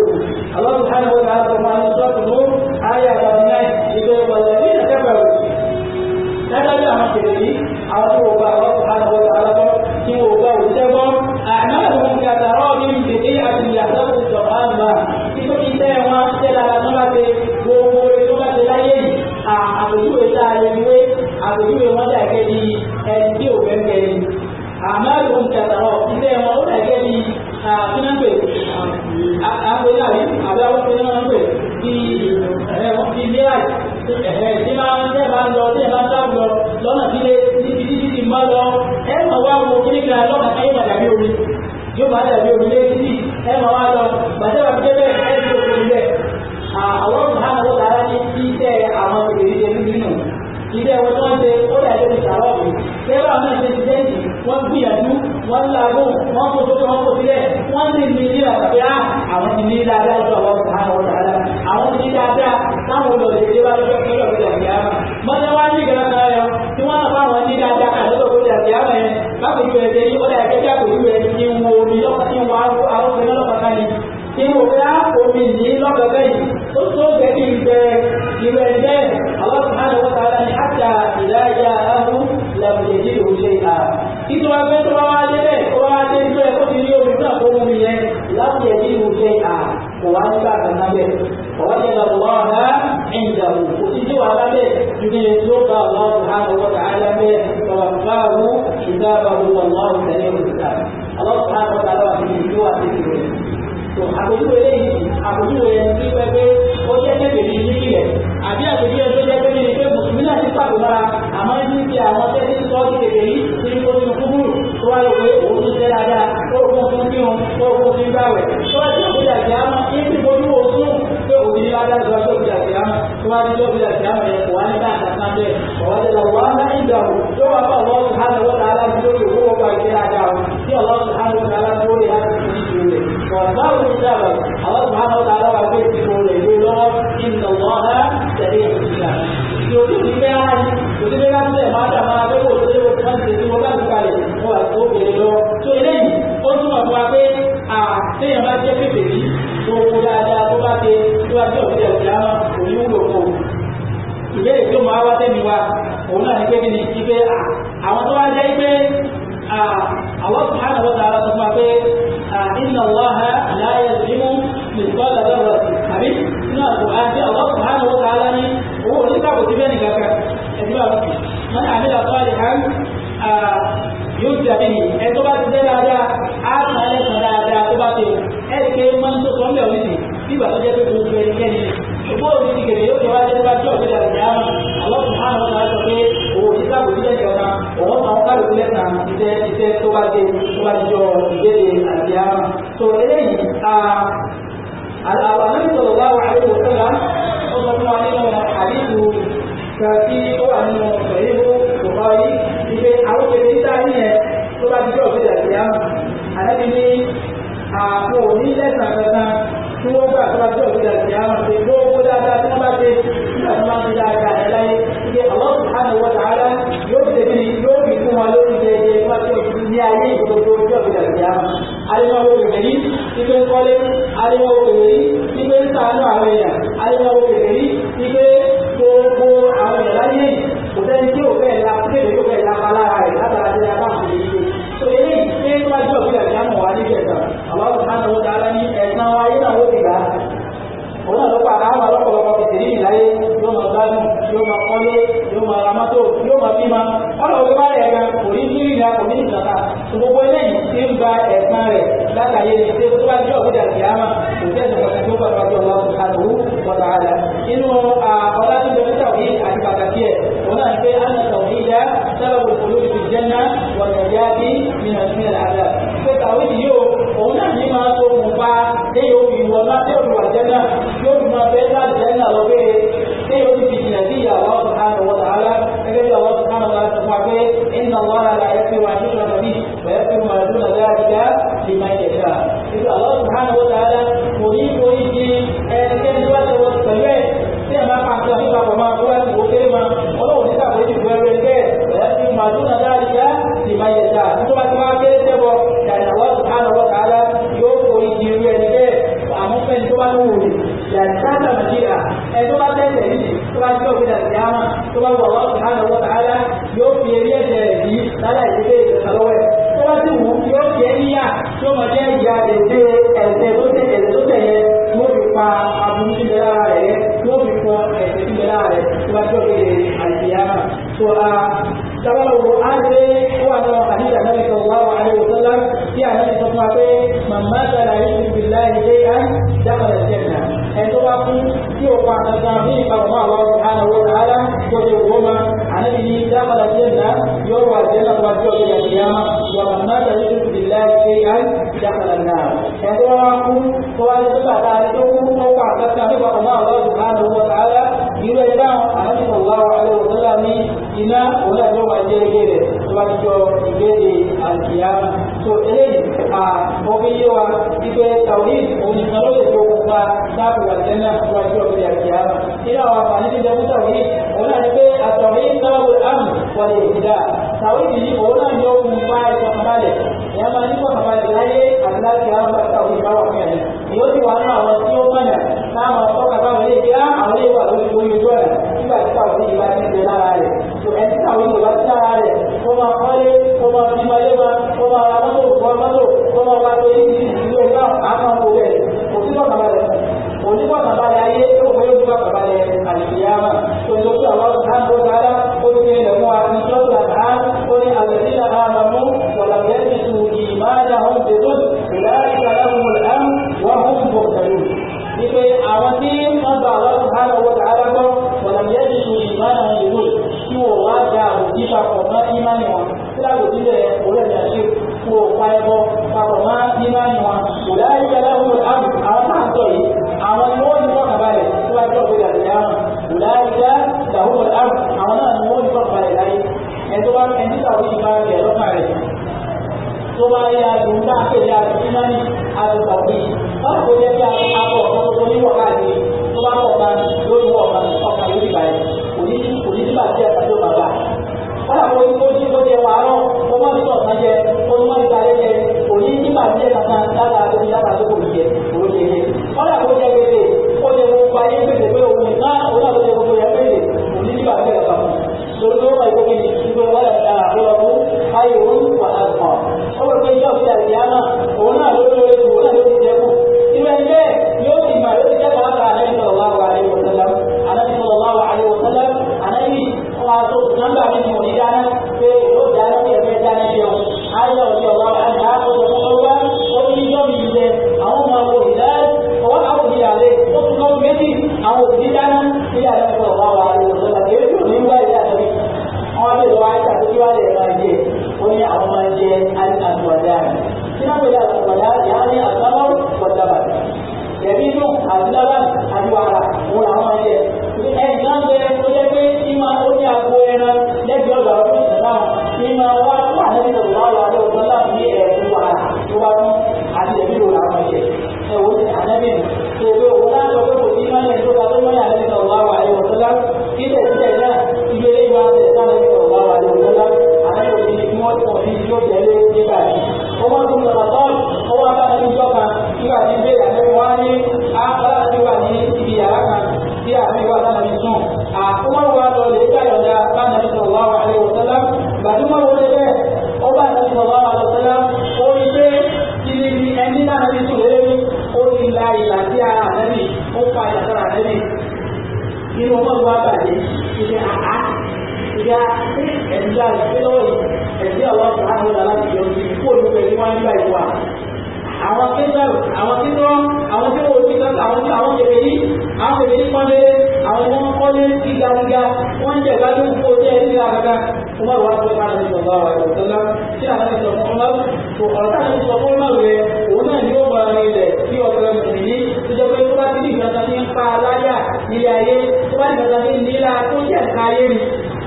ayé ni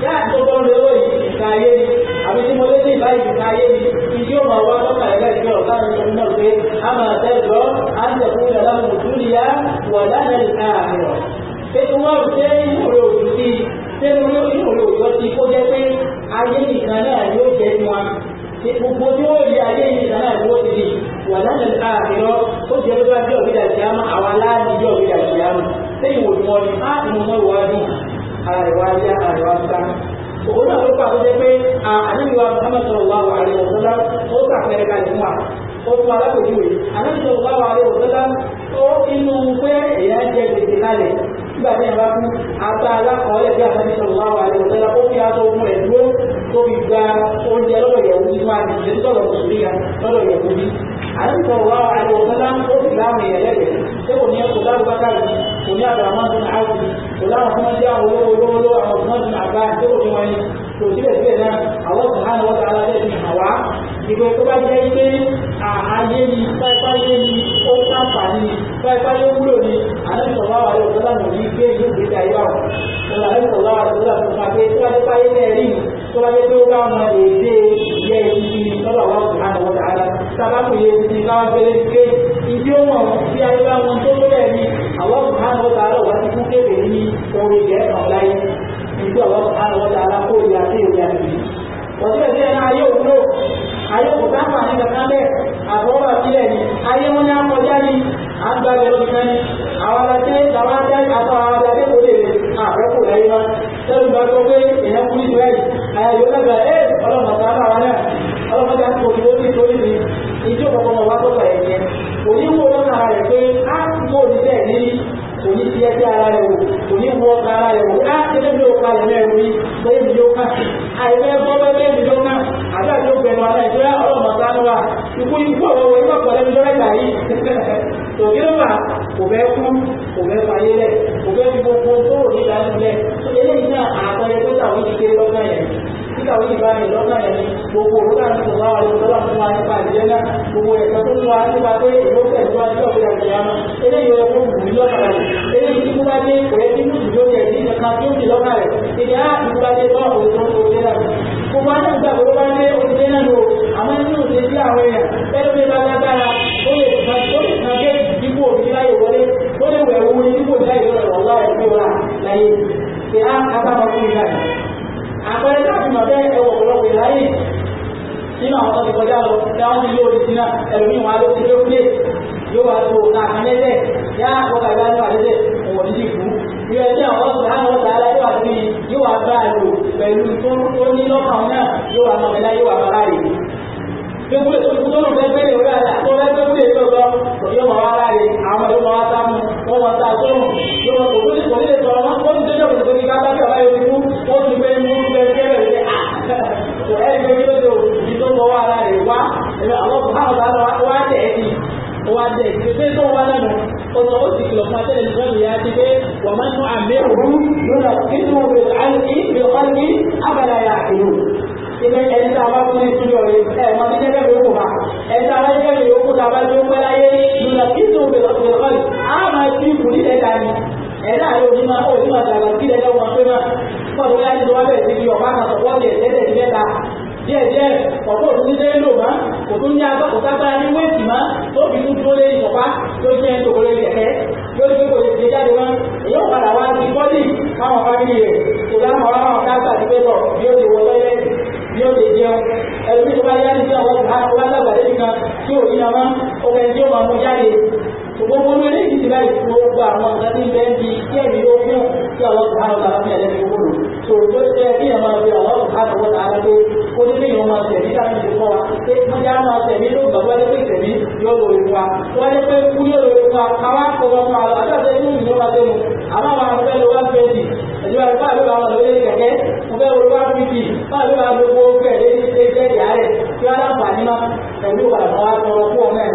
yáà tó bọ́ lé owó ìka ayé ni àbí tí mo lé ní ìbáyìí ìka ayé ni ìdí òmò àwọn ọlọ́kà ẹ̀rẹ́ ìjọ ọ̀gá mi tó ń náà pé a máa tẹ́jọ́ á ń tẹ̀kún ìyàrá mi kò ní ya wà lánàá ìka àmìrọ̀ ètò wọn ò ṣe inú rẹ̀ òjò sí ṣé inú rẹ̀ òjò sí kó jẹ́ pé ayé nìkan náà yóò jẹ́ wọn gbogbo tí ó yẹ ayé nìkan náà yóò ti di wà lánàá ìka àmìrọ̀ ó jẹ́ pé wájú ọ̀gbìn àti àmà àwọn aláàbí ọ̀gbìn àti àmà àrẹwà yá àrẹwà sá òun náà ló pàtó jẹ́ pé ànábìwá Muhammad sallallahu alaihi wasallam ó sàpẹrẹ kalẹ̀ fún wa ó fún alákòjúwe ànábì sallallahu alaihi wasallam ó inú pé èèyàn jẹ gbèsè kalẹ̀ nígbà tí ìyàwó kú ata alákọọlẹ bí ànábì sallallahu alaihi wasallam ó fi aṣọ ogun rẹ̀ dúró tó fi gba oúnjẹ lọ́wọ́ ìyàwó nínú àtìsẹ́ sọ̀rọ̀ mùsùlùmí lọ́dọ̀ ìyàwó bí ànábì sallallahu alaihi wasallam ó láwọn ọmọ jẹ́ àwọn olówó olówó àwọn ọ̀gbọ́n àgbà tó ní wọn ni kò síbẹ̀síbẹ̀ náà àwọn ọ̀gbọ́n àwọn ọ̀gbọ́n ti hàn wá ìgbé tó bá jẹ́ pé ààyè ni pápáyé ni ó pàpà ni pápáyé wúlò ni àlẹ́sọ̀rọ̀ àwọn ọ̀gbọ́n àwọn òní gbé ìlú gbé dayé wà wọn àwọn ọ̀gbọ́n àwọn ọ̀gbọ́n àgbẹ̀ tó bá jẹ́ páyé náà rí tó bá jẹ́ pé ó bá wọn èdè ìyẹ́ ìdí lọ́dọ̀ àwọn ọ̀gbọ́n àwọn ọ̀gbọ́n àgbà tábàkù yẹ ti káwọn fẹ́rẹ́ gbé ìdí ó mọ̀ sí ayé bá wọn Allah subhanahu wa ta'ala wà ní kúkẹ́ bẹ̀rẹ̀ ní orin jẹ́ ọ̀láyé nígbà Allah subhanahu wa ta'ala kó ìyá sí ìyá sí wọ́n ti bẹ̀rẹ̀ náà ayé òwúrò ayé kò sáfà ní kankan bẹ́ẹ̀ àbọ̀wọ̀ sílẹ̀ ni ayé wọn ní akọjá ni àgbàgbẹ̀ lọ sí àwọn aláṣẹ làwọn adájọ́ àtàwọn adájọ́ kò lè àbẹ́kù láyé wọn sẹ́nu bá tó pé èèyàn kú ìlú ẹ̀ àyàyò lágbà ẹ̀ ọlọ́mọta àbáwọn náà ọlọ́mọta kò ní ó ti torí ni ìjọ kọ̀ọ̀kan wà tó bàyẹ̀ yẹn òyìnbó ti bẹ́ẹ̀ ní kò ní ti ẹgbẹ́ ara rẹ̀ wò kò ní wọ ọkọ̀ ara rẹ̀ wò á ẹgbẹ́ mi ò ká lẹ̀ mẹ́rin wí bẹ́ẹ̀ mi ò ká àìfẹ́ bọ́ bẹ́ẹ̀ mi ò ká àbí àti ògbẹ̀nu ara ìgbẹ́ ọlọ́mọ sánú wa ikú ikú ọ̀rọ̀ wọ ikú ọ̀pọ̀ lẹ́nu lọ́rẹ́ gbà yìí tòkí ló wà kò fẹ́ kú kò fẹ́ fàyé lẹ̀ kò fẹ́ fi gbogbo tó rò ní nígbà wo ìbá rẹ̀ lọ́nà rẹ̀ ni gbogbo òwúrọ̀ àti ìwà lọ́wọ́ fún wa nípa ìjẹ́ náà gbogbo ẹ̀kọ́ tó ń wa nípa pé ìwọ́ tẹ̀síwájú ọ̀gbìn àti ìyá máa eléyìí ọ̀rọ̀ fún lọ́nà rẹ̀ eléyìí tí wọ́n dé kò yẹ kí lùdù ló yẹ sí kankan ti lọ́nà rẹ̀ ìdí á ìlú bá dé bọ́ọ̀ kò tó ń tó dé náà gbogbo àwọn ìgbà gbogbo bá dé oṣù dé náà lò àmọ́ inú òṣè sí àwọn èèyàn tẹ́lẹ̀ bí bá lágbára ó lè kan ó lè kan gé ìdíbò òbí láyè wọlé ó lè wẹ̀ owó ìdíbò láyè wọlé ọ̀la ẹ̀gbẹ́ wa láyé ṣe á abá fún ìgbà yìí àpẹẹrẹ láti mọ̀ bẹ́ẹ̀ ẹwọ̀ ọ̀pọ̀lọpọ̀ ìláyè nínú àwọn tó ti kọjá lọ táwọn ti lé orí sí wọn á ti lé kúlé yóò wá tó nǹkan lẹ́lẹ̀ yá ọkà ìgbà ní àlẹ́lẹ̀ ọ̀wọ̀ ní ìlú yóò ẹjẹ́ àwọn ọ̀sán àwọn ọ̀sán aláyọ̀ àti yóò wá bá pẹ̀lú tó ní lọ́kàn náà yóò wá mọ̀ ဒီလိုဆိုကုလို့လည်းပဲရတာတော့လည်းပဲပြေတော့တော့ဘယ်မှာလာလဲအာမလို့မှာသားမှုဘောမှာသားဆုံးဒီမှာဘုရားကိုလည်းတော်မှာဘုရားကြောင့်ဒီကားတာလည်းဒီလိုဘုရားပဲမှုပဲကျဲတယ်အာဆိုအဲဒီလိုဆိုဒီတော့ဘောလာတယ်ကွာအဲ့တော့အလ္လာဟ်ဘာသာတော်ကဝါတဲ့ဒီဝါတဲ့ဒီပဲတော့ဝါလာတယ် ومن نعمره نلقنه بالعلم بالقلب افلا يعقلون ele estava tá a bá fún ní túnjọ rẹ ẹ mọ ní jẹ́jẹ́ rẹ yókù bá ẹni tá a bá jẹ́ rẹ yókù tá a bá jẹ́ pẹ́ láyé lùlọ kí tó bẹ̀rẹ̀ á máa ti kù nílẹ̀ ta ni ẹ̀ náà yóò ní máa ó ní máa dàgbà sí ẹ̀dá wọn pé máa pọ̀lú wáyé ni wọ́n bẹ̀rẹ̀ sí ibi ọ̀pá kan sọ̀pọ̀ ní ẹ̀dẹ́dẹ̀ ní mẹ́ta díẹ̀ díẹ̀ ọ̀pọ̀ òtún ní lò má kò tún ní agbákòókò agbára ní wéètì má tó fi tún dúró lórí ìjọba tó jẹ́ tòkòrò ìrẹ̀kẹ́ lórí pé kò lè fi jáde wọn èyí ò padà wá sí káwọn fámìlì kò dáhùn ọ̀rọ̀ àwọn ọ̀gá àgbà tó bí ó ti wọ yóò lè jẹun ẹ̀rù bí wọ́n yá ní sí àwọn ọ̀gá alábàdé nìkan tí ò ní ọmọ ọmọ ẹni tí ó máa mú jáde ṣùgbọ́n mo ní eléyìí ti láì fún gbogbo àwọn ọ̀gá tí ń bẹ́ẹ̀ di kí ẹ̀mí ó fún sí àwọn ọ̀gá ọ̀gá fún ẹ̀lẹ́ ti wúlò tó tó ṣe kí ẹ̀ máa fi àwọn ọ̀gá ọ̀gá ta ara pé ó ní kéèyàn máa tẹ̀mí láti fi kọ́ wa pé wọ́n já máa tẹ̀mí ló gbàgbọ́ ẹni pé tẹ̀mí yóò lò ó wa wọ́n ní pé kú yóò lò ó wa káwá kọ́ wọn fún àwọn àgbàdo inú ìlú wa lẹ́nu àmọ́ àwọn afẹ́ ló wá fẹ́ẹ́ ni ìjọba ìfá àbíbá wọn lórí kẹ̀kẹ́ mo fẹ́ wo wá pípì wọn àbíbá gbogbo fẹ́ lórí iṣẹ́ ìyá rẹ̀ kí wọ́n láǹfààní má pẹ̀lú àwọn akọrọ fún ọmọ ẹ̀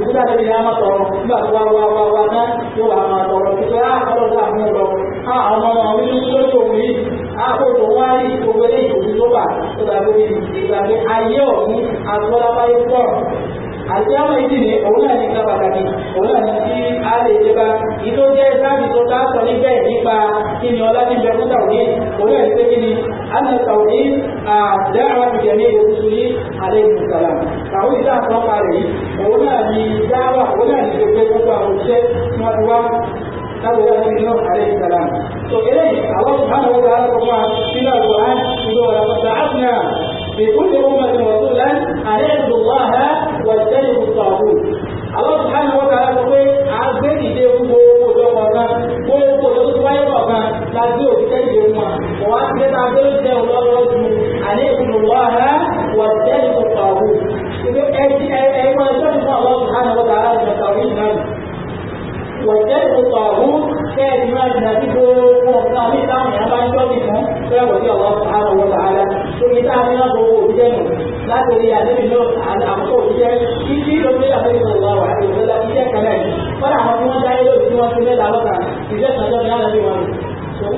ìgbésà lórí ni ni. ni. ni. ni. a máa tọrọ nígbà tó wá wá wá wá ná tó wà máa tọrọ tó wá àkọlọ tó àmú lọ àwọn ọmọ ọmọ mi lórí òun yìí àkóso wá rí gbogbo eléyìí òun tó wà tó ni. ìgbàgbé ayé ọ̀hún àtọ́lábáyé pọ̀ àtìyámọ̀ ìdí ni òun náà ní ká pàtàkì òun náà ní tí a lè ṣe bá yìí tó jẹ́ sáàbì tó tá sọ níbẹ̀ nípa kí ni ọlá ti bẹ fún tàwọn yìí òun náà ní pé kí ni àmì tàwọn yìí àdá àwọn ìjẹ̀mí ìrúsù yìí alẹ́ ìlú sàlám àwọn ìdá àtọ́ parẹ̀ yìí òun náà ní dáwà òun náà ní pé gbogbo àwọn òṣìṣẹ́ tí wọ́n ti wá lábẹ́ wọn ní náà alẹ́ ìsàlám tó eléyìí àwọn subhanahu wa ta'ala kọ́kọ́ nínú àgbọ̀ á ìlú ọ̀rọ̀ àbọ̀tà àfúnà ìkúlẹ̀ ọmọ ìwọ̀n tó lẹ́nu àlẹ́ la gbé òkúta ìdè wọn àwọn àti kẹta gbé ló jẹun lọ́wọ́ ju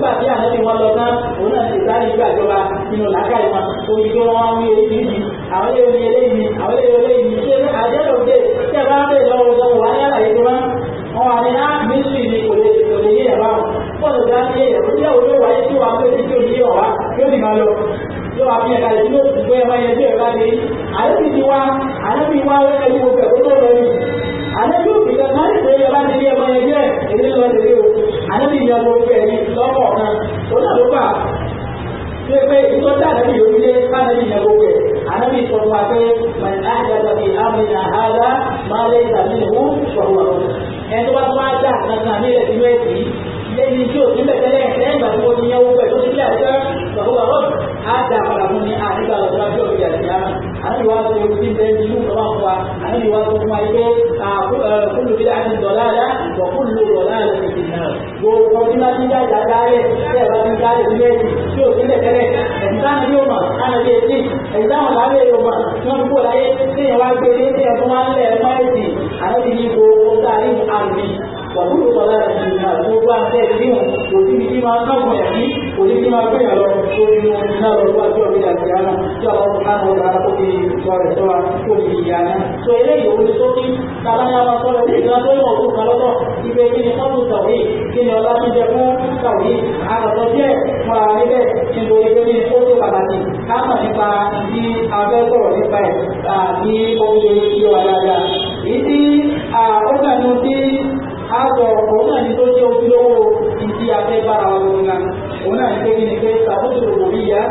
nígbà tí àlẹ́bí wọn lọ tán òun náà ti sáré ìgbà ìjọba nínú làákà ìmọ̀ omi tó wọn wí eléyìí àwọn eléyìí eléyìí àwọn eléyìí eléyìí ṣé àjẹ́lò dé tí ẹ bá ń bèèrè lọ́wọ́ sọ́wọ́ wà ní àlàyé tó bá wọn wà ní á mísírì ni kò lè kò lè yé ẹ̀rọ àwọn fọ́ọ̀nù bá ń yé ẹ̀rọ yóò ló wáyé tí wàá pé títí òní yọ̀ wá yóò ní máa lọ yóò wá fi ẹ̀ka lè tí yóò fi gbé ẹ̀rọ yẹn bí ẹ̀rọ adé àlẹ́bí ti wá àlẹ́bí wá ẹ̀rọ yẹn gbogbo tó lọ rí àlẹ́bí òfin kan má lè pé ẹ̀rọ adé yẹn jẹ́ èdè lọ́dẹ̀ẹ́ o àdébí ìyẹn gbogbo ẹ̀rí lọ́pọ̀ kan ó náà ló bà pé pé ìtọ́jú àdébí yòókù dé fàdébí ìyẹn gbogbo ẹ̀ àdébí ìtọ́jú wa pé màá ní àjàgbà bíi àmìnà àhálà máa lé ìtàbí ìwú sọ̀rọ̀ ẹni tó bá tó máa dà kankan ní ẹ̀sìn ní ẹ̀sìn lẹ́yìn tí òsín bẹ̀ tẹ́lẹ̀ lẹ́yìn ìgbà tí wọ́n ti yẹwò pẹ̀lú sílẹ̀ àjẹ́ sọ̀rọ̀ á da padà fún ní àdìgbà lọ́dọ̀ bí ọ̀gbìn àti àmà àti tó ti bẹ nínú ìjọba fún wa fún wa yìí pé gbogbo ní máa ti jáde àdáyé bẹ́ẹ̀ bá ti jáde ní méjì tí ò sílẹ̀ tẹ́lẹ̀ ẹ̀sìn táwọn yóò mọ̀ ánàbí etí ẹ̀sìn táwọn lábẹ́ yóò mọ̀ wọ́n ti kó láyé tí ìyẹn wá gbé ní tí ẹ̀fọ́ máa ń lẹ̀ ẹ̀fọ́ ẹ̀sìn àlọ́bí ní gbogbo sáré àrùbí wàbúrò sọlá ẹ̀sìn náà gbogbo àti ẹ̀sìn wọn kò sí ní kí máa ń kọ́kùn ẹ̀sìn kò sí kí máa gbé yàn lọ kó ní wọn ní náà lọ́wọ́ àti ọ̀gbìn àti àná tí ọ̀rọ̀ sùpánù ọ̀dà kó fi sọ rẹ̀ sọ́ra kó fi ìyá náà. sọ eléyìí òun ni sókí tàbí àwọn sọ̀rọ̀ ìgbìmọ̀ tó yọ̀ ọ̀dún kan lọ́tọ̀ pé kí ni fọ́ọ̀mù tàwí kí ni ọlá tó jẹ fún tàwí àtọ̀tọ̀ díẹ̀ fúnra níbẹ̀ nítorí pé kí ni ó tó pàtàkì ká mọ̀ nípa bí abẹ́ sọ̀rọ̀ nípa ẹ̀ àbí oúnjẹ yíyọ àdáadáa èyí tí ó kàn ní tí a sọ òun náà ní tó jẹ́ ojúlówó ìdí abẹ́ bára wa lóhun náà òun náà ní pé kí ni pé sàkóso lòbò bí ìyá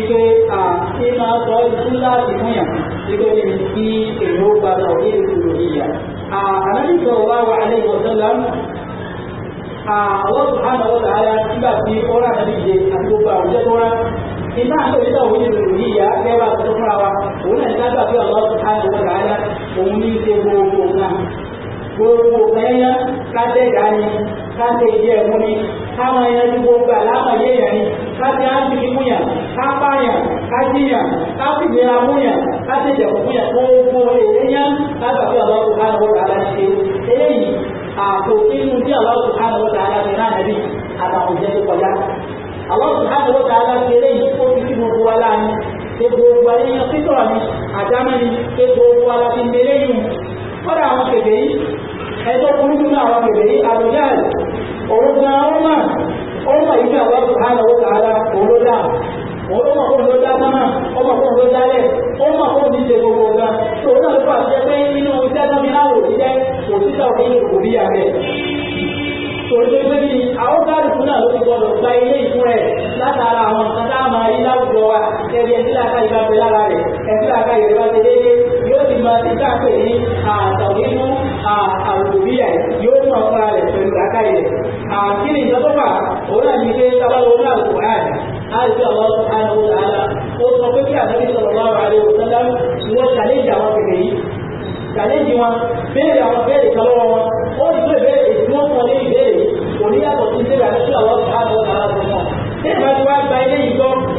ike à máa sọ ìtúláàsì fún yàn nítorí kí èrò gbàgbọ́ ìrètò lòbí ìyá ànábì sallallahu alaihi wasallam àwọn subhanahu wa ta'ala nígbà tí ó rà nàbí ṣe àti gbogbo àwùjọ tó rán iná àtẹ̀lé náà wọ́n yẹ̀rọ ní ìyá kẹ́rọ àtẹ̀lé fúnra wa òun náà ní lágbà tí Allah subhanahu wa ta'ala òun ní ṣe gbogbo náà gbogbo ẹ̀yán kájẹ́ ìdá ni kájẹ́ ìdí ẹ̀mú ni káwọn ẹ̀yán ní gbogbo àlámọ̀ yé yẹn ni kájẹ́ áńtìkì múyàn kápáyàn kájíyàn káfìlera múyàn gbogbo ọgbà yẹn títọ̀ ni àdámọ́ ni gbogbo ọgbà láti ń délé yìí kọ́dà àwọn kèdè yìí ẹjọ́ burúkú náà àwọn kèdè yìí àbújá òun gan ó mà ó mà yìí náà wọ́n kàn án lọ́wọ́ tààrà òun ló dà òun ló mọ̀ kó ló dá sánà ó mọ̀ kó ló dálẹ̀ ó mọ̀ kó ní ṣe gbogbo ọgbà tó náà ló fà jẹ́ pé inú iṣẹ́ náà mi láwò jíjẹ́ kò síta òfin kò rí àbẹ̀ tòun tó gbé ní àwọn gáàdì fún náà ló ti gbọdọ̀ gba ilé ìfún rẹ̀ látara àwọn kan tá ẹni ẹtí làákà yìí bá pẹ́ lára rẹ̀ ẹtí làákà yìí bá pẹ́ déédéé yóò sì máa ti káàpẹ̀ ní àtàwínú àwòrán yóò mọ̀ ọ́n ara rẹ̀ pẹ̀lú làákà yìí rẹ̀. kí ni ìjọba wà òun náà ní pé sábàlú náà kò á rẹ̀ á rí àwọn àwọn àlà ó sọ pé kí àtàwí sọ̀rọ̀ wọn wà lórí òtọ́lá wọn ṣàlẹ́jì àwọn kèké yìí ṣàlẹ́jì wọn béèrè àwọn béèrè kan lọ́wọ́ wọn ó ní pé béèrè tí wọ́n fọ ní ìbéèrè kò ní yàtọ̀ sí ìbéèrè àti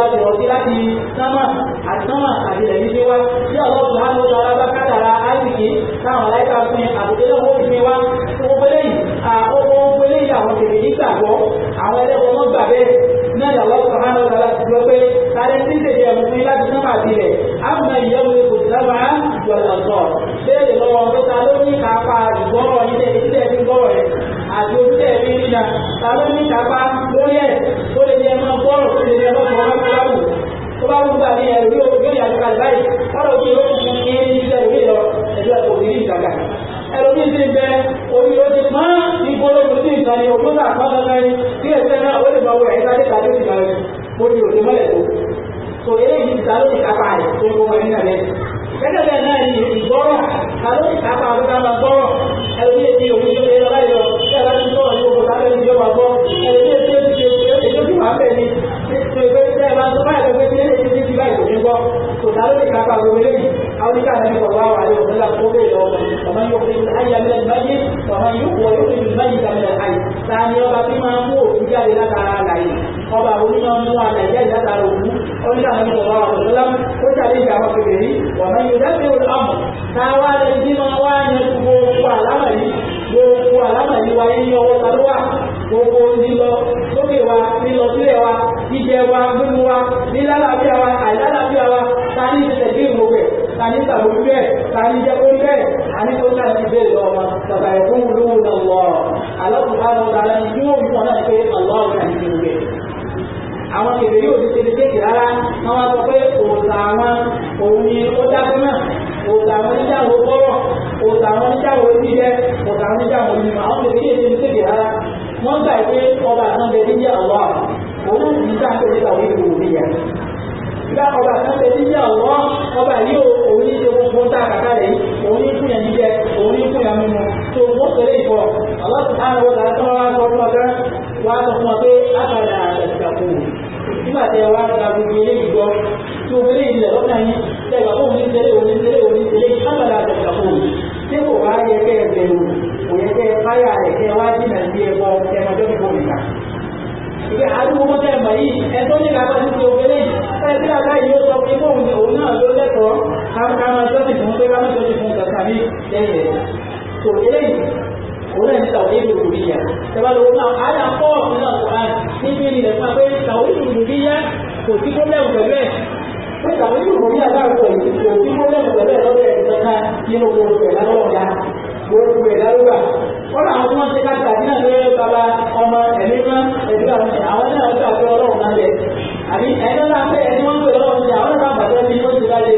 òjò àti ọ̀sí láti sánmà àti sánmà àti ilẹ̀ nígbé wá tí ọlọ́pù hàn lóṣọ alábá kátàrà áìsìkì táwọn aláìka fún àbùkẹ́ lọ́wọ́ òfin wá gbogbo lẹ́yìn àkókò gbogbo lẹ́yìn àwọn kèrè nígbàgbọ́ àwọn ẹlẹ́wọ̀n wọn gbà bẹ́ẹ̀ náà ni ọlọ́pù hàn lóṣọ alábá ti lọ pé tàbí tí tètè ẹ̀mú fún láti sánmà àti ilẹ̀ àmọ́ ìyẹ́wò kò ti gbọ́rọ̀ àti ojútẹ̀ mi nílà ta ló ní kápá lórí ẹ̀ tó lè ní ẹ máa gbọ́rọ̀ tó lè ní ẹ máa tó bá wúgbà ní ẹ̀rọ yóò yóò yà lóka ìbáyìí kọ́rọ̀ bí yóò fún ní ní iṣẹ́ ìwé lọ ẹjọ́ ẹ̀kọ́ òní ní ìgbàgbà ẹ̀rọ bí ti bẹ orí ló ti pọ́n ní gbólóhùn sí ìtàní ògbóná àpọ́nlọ́lá yìí tí ẹ̀sẹ̀ náà ó lè máa wọ ẹ̀ka lẹ́ka ló ti máa rẹ̀ mo ti òde mọ́lẹ̀ tó tó eléyìí ti ta ló ti kápá rẹ̀ tó ń kó wọn nígbà lẹ́yìn gẹ́gẹ́ bẹ́ẹ̀ náà ni ìgbọ́rọ̀ ta ló ti kápá ló ká máa gbọ́rọ̀ ẹ̀rọ bí ti òun ti ṣe lọ́lá yọ bí ẹ̀rọ ti sọ̀rọ̀ ní oko lábẹ́ ìjọba gbọ́ ẹ̀rọ bí ti ṣe ètò ìwà bẹ́ẹ̀ ni ṣe ìgbésẹ̀ bá tó báyìí قالوا لك هذا هو إليه أو لك النبي صلى الله عليه وسلم قوله يوما ومن يخرج الحي من الميت ومن يخرج الميت من الحي ثاني يوم بما هو رجال لا تعالى ọba àwọn onímọ̀ mú àtàjẹ́ ìdáta òkú oníkà ní ọ̀rọ̀ ọ̀sọ́lá ó tàbí ìjà àwọn kékeré wọ̀nà ìdájọ́ ọmọ táwa lè jí máa wá ní gbogbo àlámà yìí gbogbo àlámà yìí wáyé ní ọwọ́ ta ló wà gbogbo lílọ sókè wa lílọ sílẹ̀ wa jíjẹ wa gbígbó wa lílálàáfíà wa àìlálàáfíà wa tani sàlọ wí bẹ́ẹ̀ tani jẹ́ wí bẹ́ẹ̀ àní tó ká ti bẹ́ẹ̀ lọ ọmọ tàbí ẹ̀kún lóhùn náà lọ aláwọ̀ bá lọ dára ní yóò mú ọ̀nà pé aláwọ̀ náà ní ìlú rẹ̀. àwọn kèdè yóò ti ṣe ṣe rárá wọn wá sọ pé òòtà àwọn òun ni ó dákú náà òòtà àwọn oníjàwó bọ́rọ̀ òòtà àwọn oníjàwó jíjẹ òòtà àwọn oníjàwó nínú àwọn kèdè yóò ti ṣe ṣe rárá wọn gbà pé ọba àtúndẹ̀ ti jẹ́ àwọn òun ti sáà yá ọba àtàlẹ̀ níjà wọ́ ọba yìí òun ní ṣe gbogbo tá a kàkà rẹ̀ yìí òun ní fún yẹn jíjẹ òun ní fún yẹn mímu tó wọ́n tẹ̀lé ìfọ̀ àwọn sùpáàrọ̀ wọn là ń tọ́ wá sọ fún ọ̀gá wá sọ fún ọ pé àkàrà àtàkù nígbà tẹ wá ra gbogbo eléyìí gbọ́ tó gbélé ilẹ̀ lọ́kàn yín tẹ̀gbà òun ní tẹ̀lé òun ní tẹ̀lé òun ní tẹ̀lé àkàrà àtàkù tí kò wá yẹ pé arúgbó mọ́tẹ́ ẹ̀mọ̀ yìí ẹ̀tọ́ ní kápá ní ti òfin lẹ́yìn ẹ̀ tí àbá yìí ó sọ pé kóun ní òun náà ló lẹ́kọ̀ọ́ ká máa jọ́sì fún pé ká máa jọ́sì fún kàkà mí lẹ́yìn rẹ̀ kò eléyìí òun náà ń ta òye ìlú ìyá ìjọba lówó náà àyà pọ̀ nínú àkùrá níbi ilẹ̀ fún pé ta òye ìlú ìyá kò sí pọ́lẹ́mù pẹ̀lú ẹ̀ pé ta òye ìlú ìyá bá pọ̀ yìí kò sí pọ́lẹ́mù pẹ̀lú ẹ̀ lọ́dọ̀ ẹ̀ ìjọba nínú gbogbo ẹ̀ lọ́wọ́ ya gbogbo ẹ̀ lọ́wọ́ wọ́n àwọn tí wọ́n ti ká tàbí náà lọ́wọ́ bàbá ọmọ ẹ̀mí àwọn náà gbà pé ọlọ́run náà lẹ̀ àbí ẹni náà pé ẹni wọ́n ń pè ọlọ́run jẹ àwọn náà gbàgbọ́ bí wọ́n ti láyé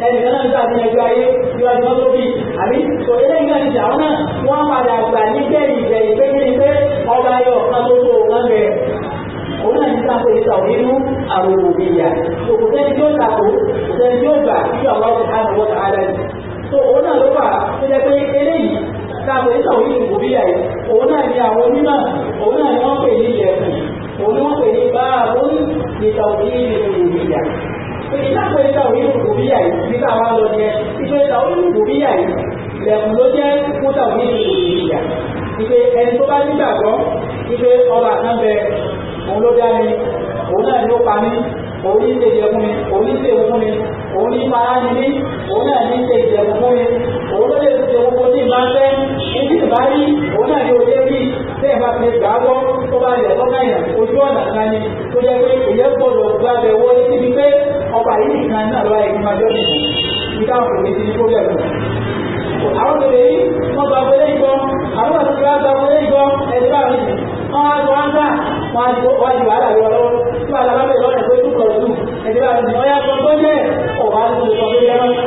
rẹ̀ ẹni kan náà gbà ní ẹgbẹ́ ayé bí wọ́n ti wọ́n tó bí àbí kò ilé ìgbà ti àwọn náà ni pé ọba ayọ̀ kan tó tó wọn bẹ̀ òun náà ní sáfẹ́ ìta òbínú àwọn òbíyà òkú sẹ́ni tí ó tako dáàbò ìtàn òyìn ìbò bí yàrá òun náà ni àwọn onímọ̀ òun náà ni wọ́n pè ní ìyẹ̀kùn òun ni wọ́n pè ní báàbò ìtàn òyìn ìbò bí yàrá ìtàkùn ìtàn òyìn ìbò bí yàrá nígbà wà lọ jẹ ìtàn ìtàn òyìn ìbò bí yàrá ìlẹ̀kùn ló jẹ́ kúta òyìn ìbò bí yàrá ìpè ẹni tó bá nígbàgbọ́ ìpè ọba kan bẹ òun ló dá òun ní ṣe ìjẹun mi òun ní ṣe òun mi òun ní fara ni mí òun náà ní ṣe ìjẹun fún mi òun ló lè ṣe owó tí ìbá fẹ́ ibi ìbá rí òun náà ní òde rí bẹ́ẹ̀ bá fi gbà á gbọ́ tó bá rẹ̀ lọ́kà yàn ojú ọ̀nà kan ni tó jẹ́ pé ìyẹn gbọ́dọ̀ gba bẹ̀ wọ síbi pé ọba yìí nìkan náà lọ́wọ́ ẹ̀yìn máa jọ́ nìyẹn ìdá òkú ní ti ní kó bẹ̀rù àwọn tó lè rí wọn gba abẹ́lé ìgbọ́ àwọn àti ìgbà gba abẹ́lé ìgbọ́ ẹ̀dí bá rí wọn á gbọ́ wọn á gbà wọn á di wàhálà lọ́wọ́ tí wàhálà bá bẹ̀rẹ̀ lọ́rẹ̀ ẹ̀dẹ́ bá ti ọ̀yà sọ tó jẹ́ ọ̀wá ti sọ tó jẹ́ náà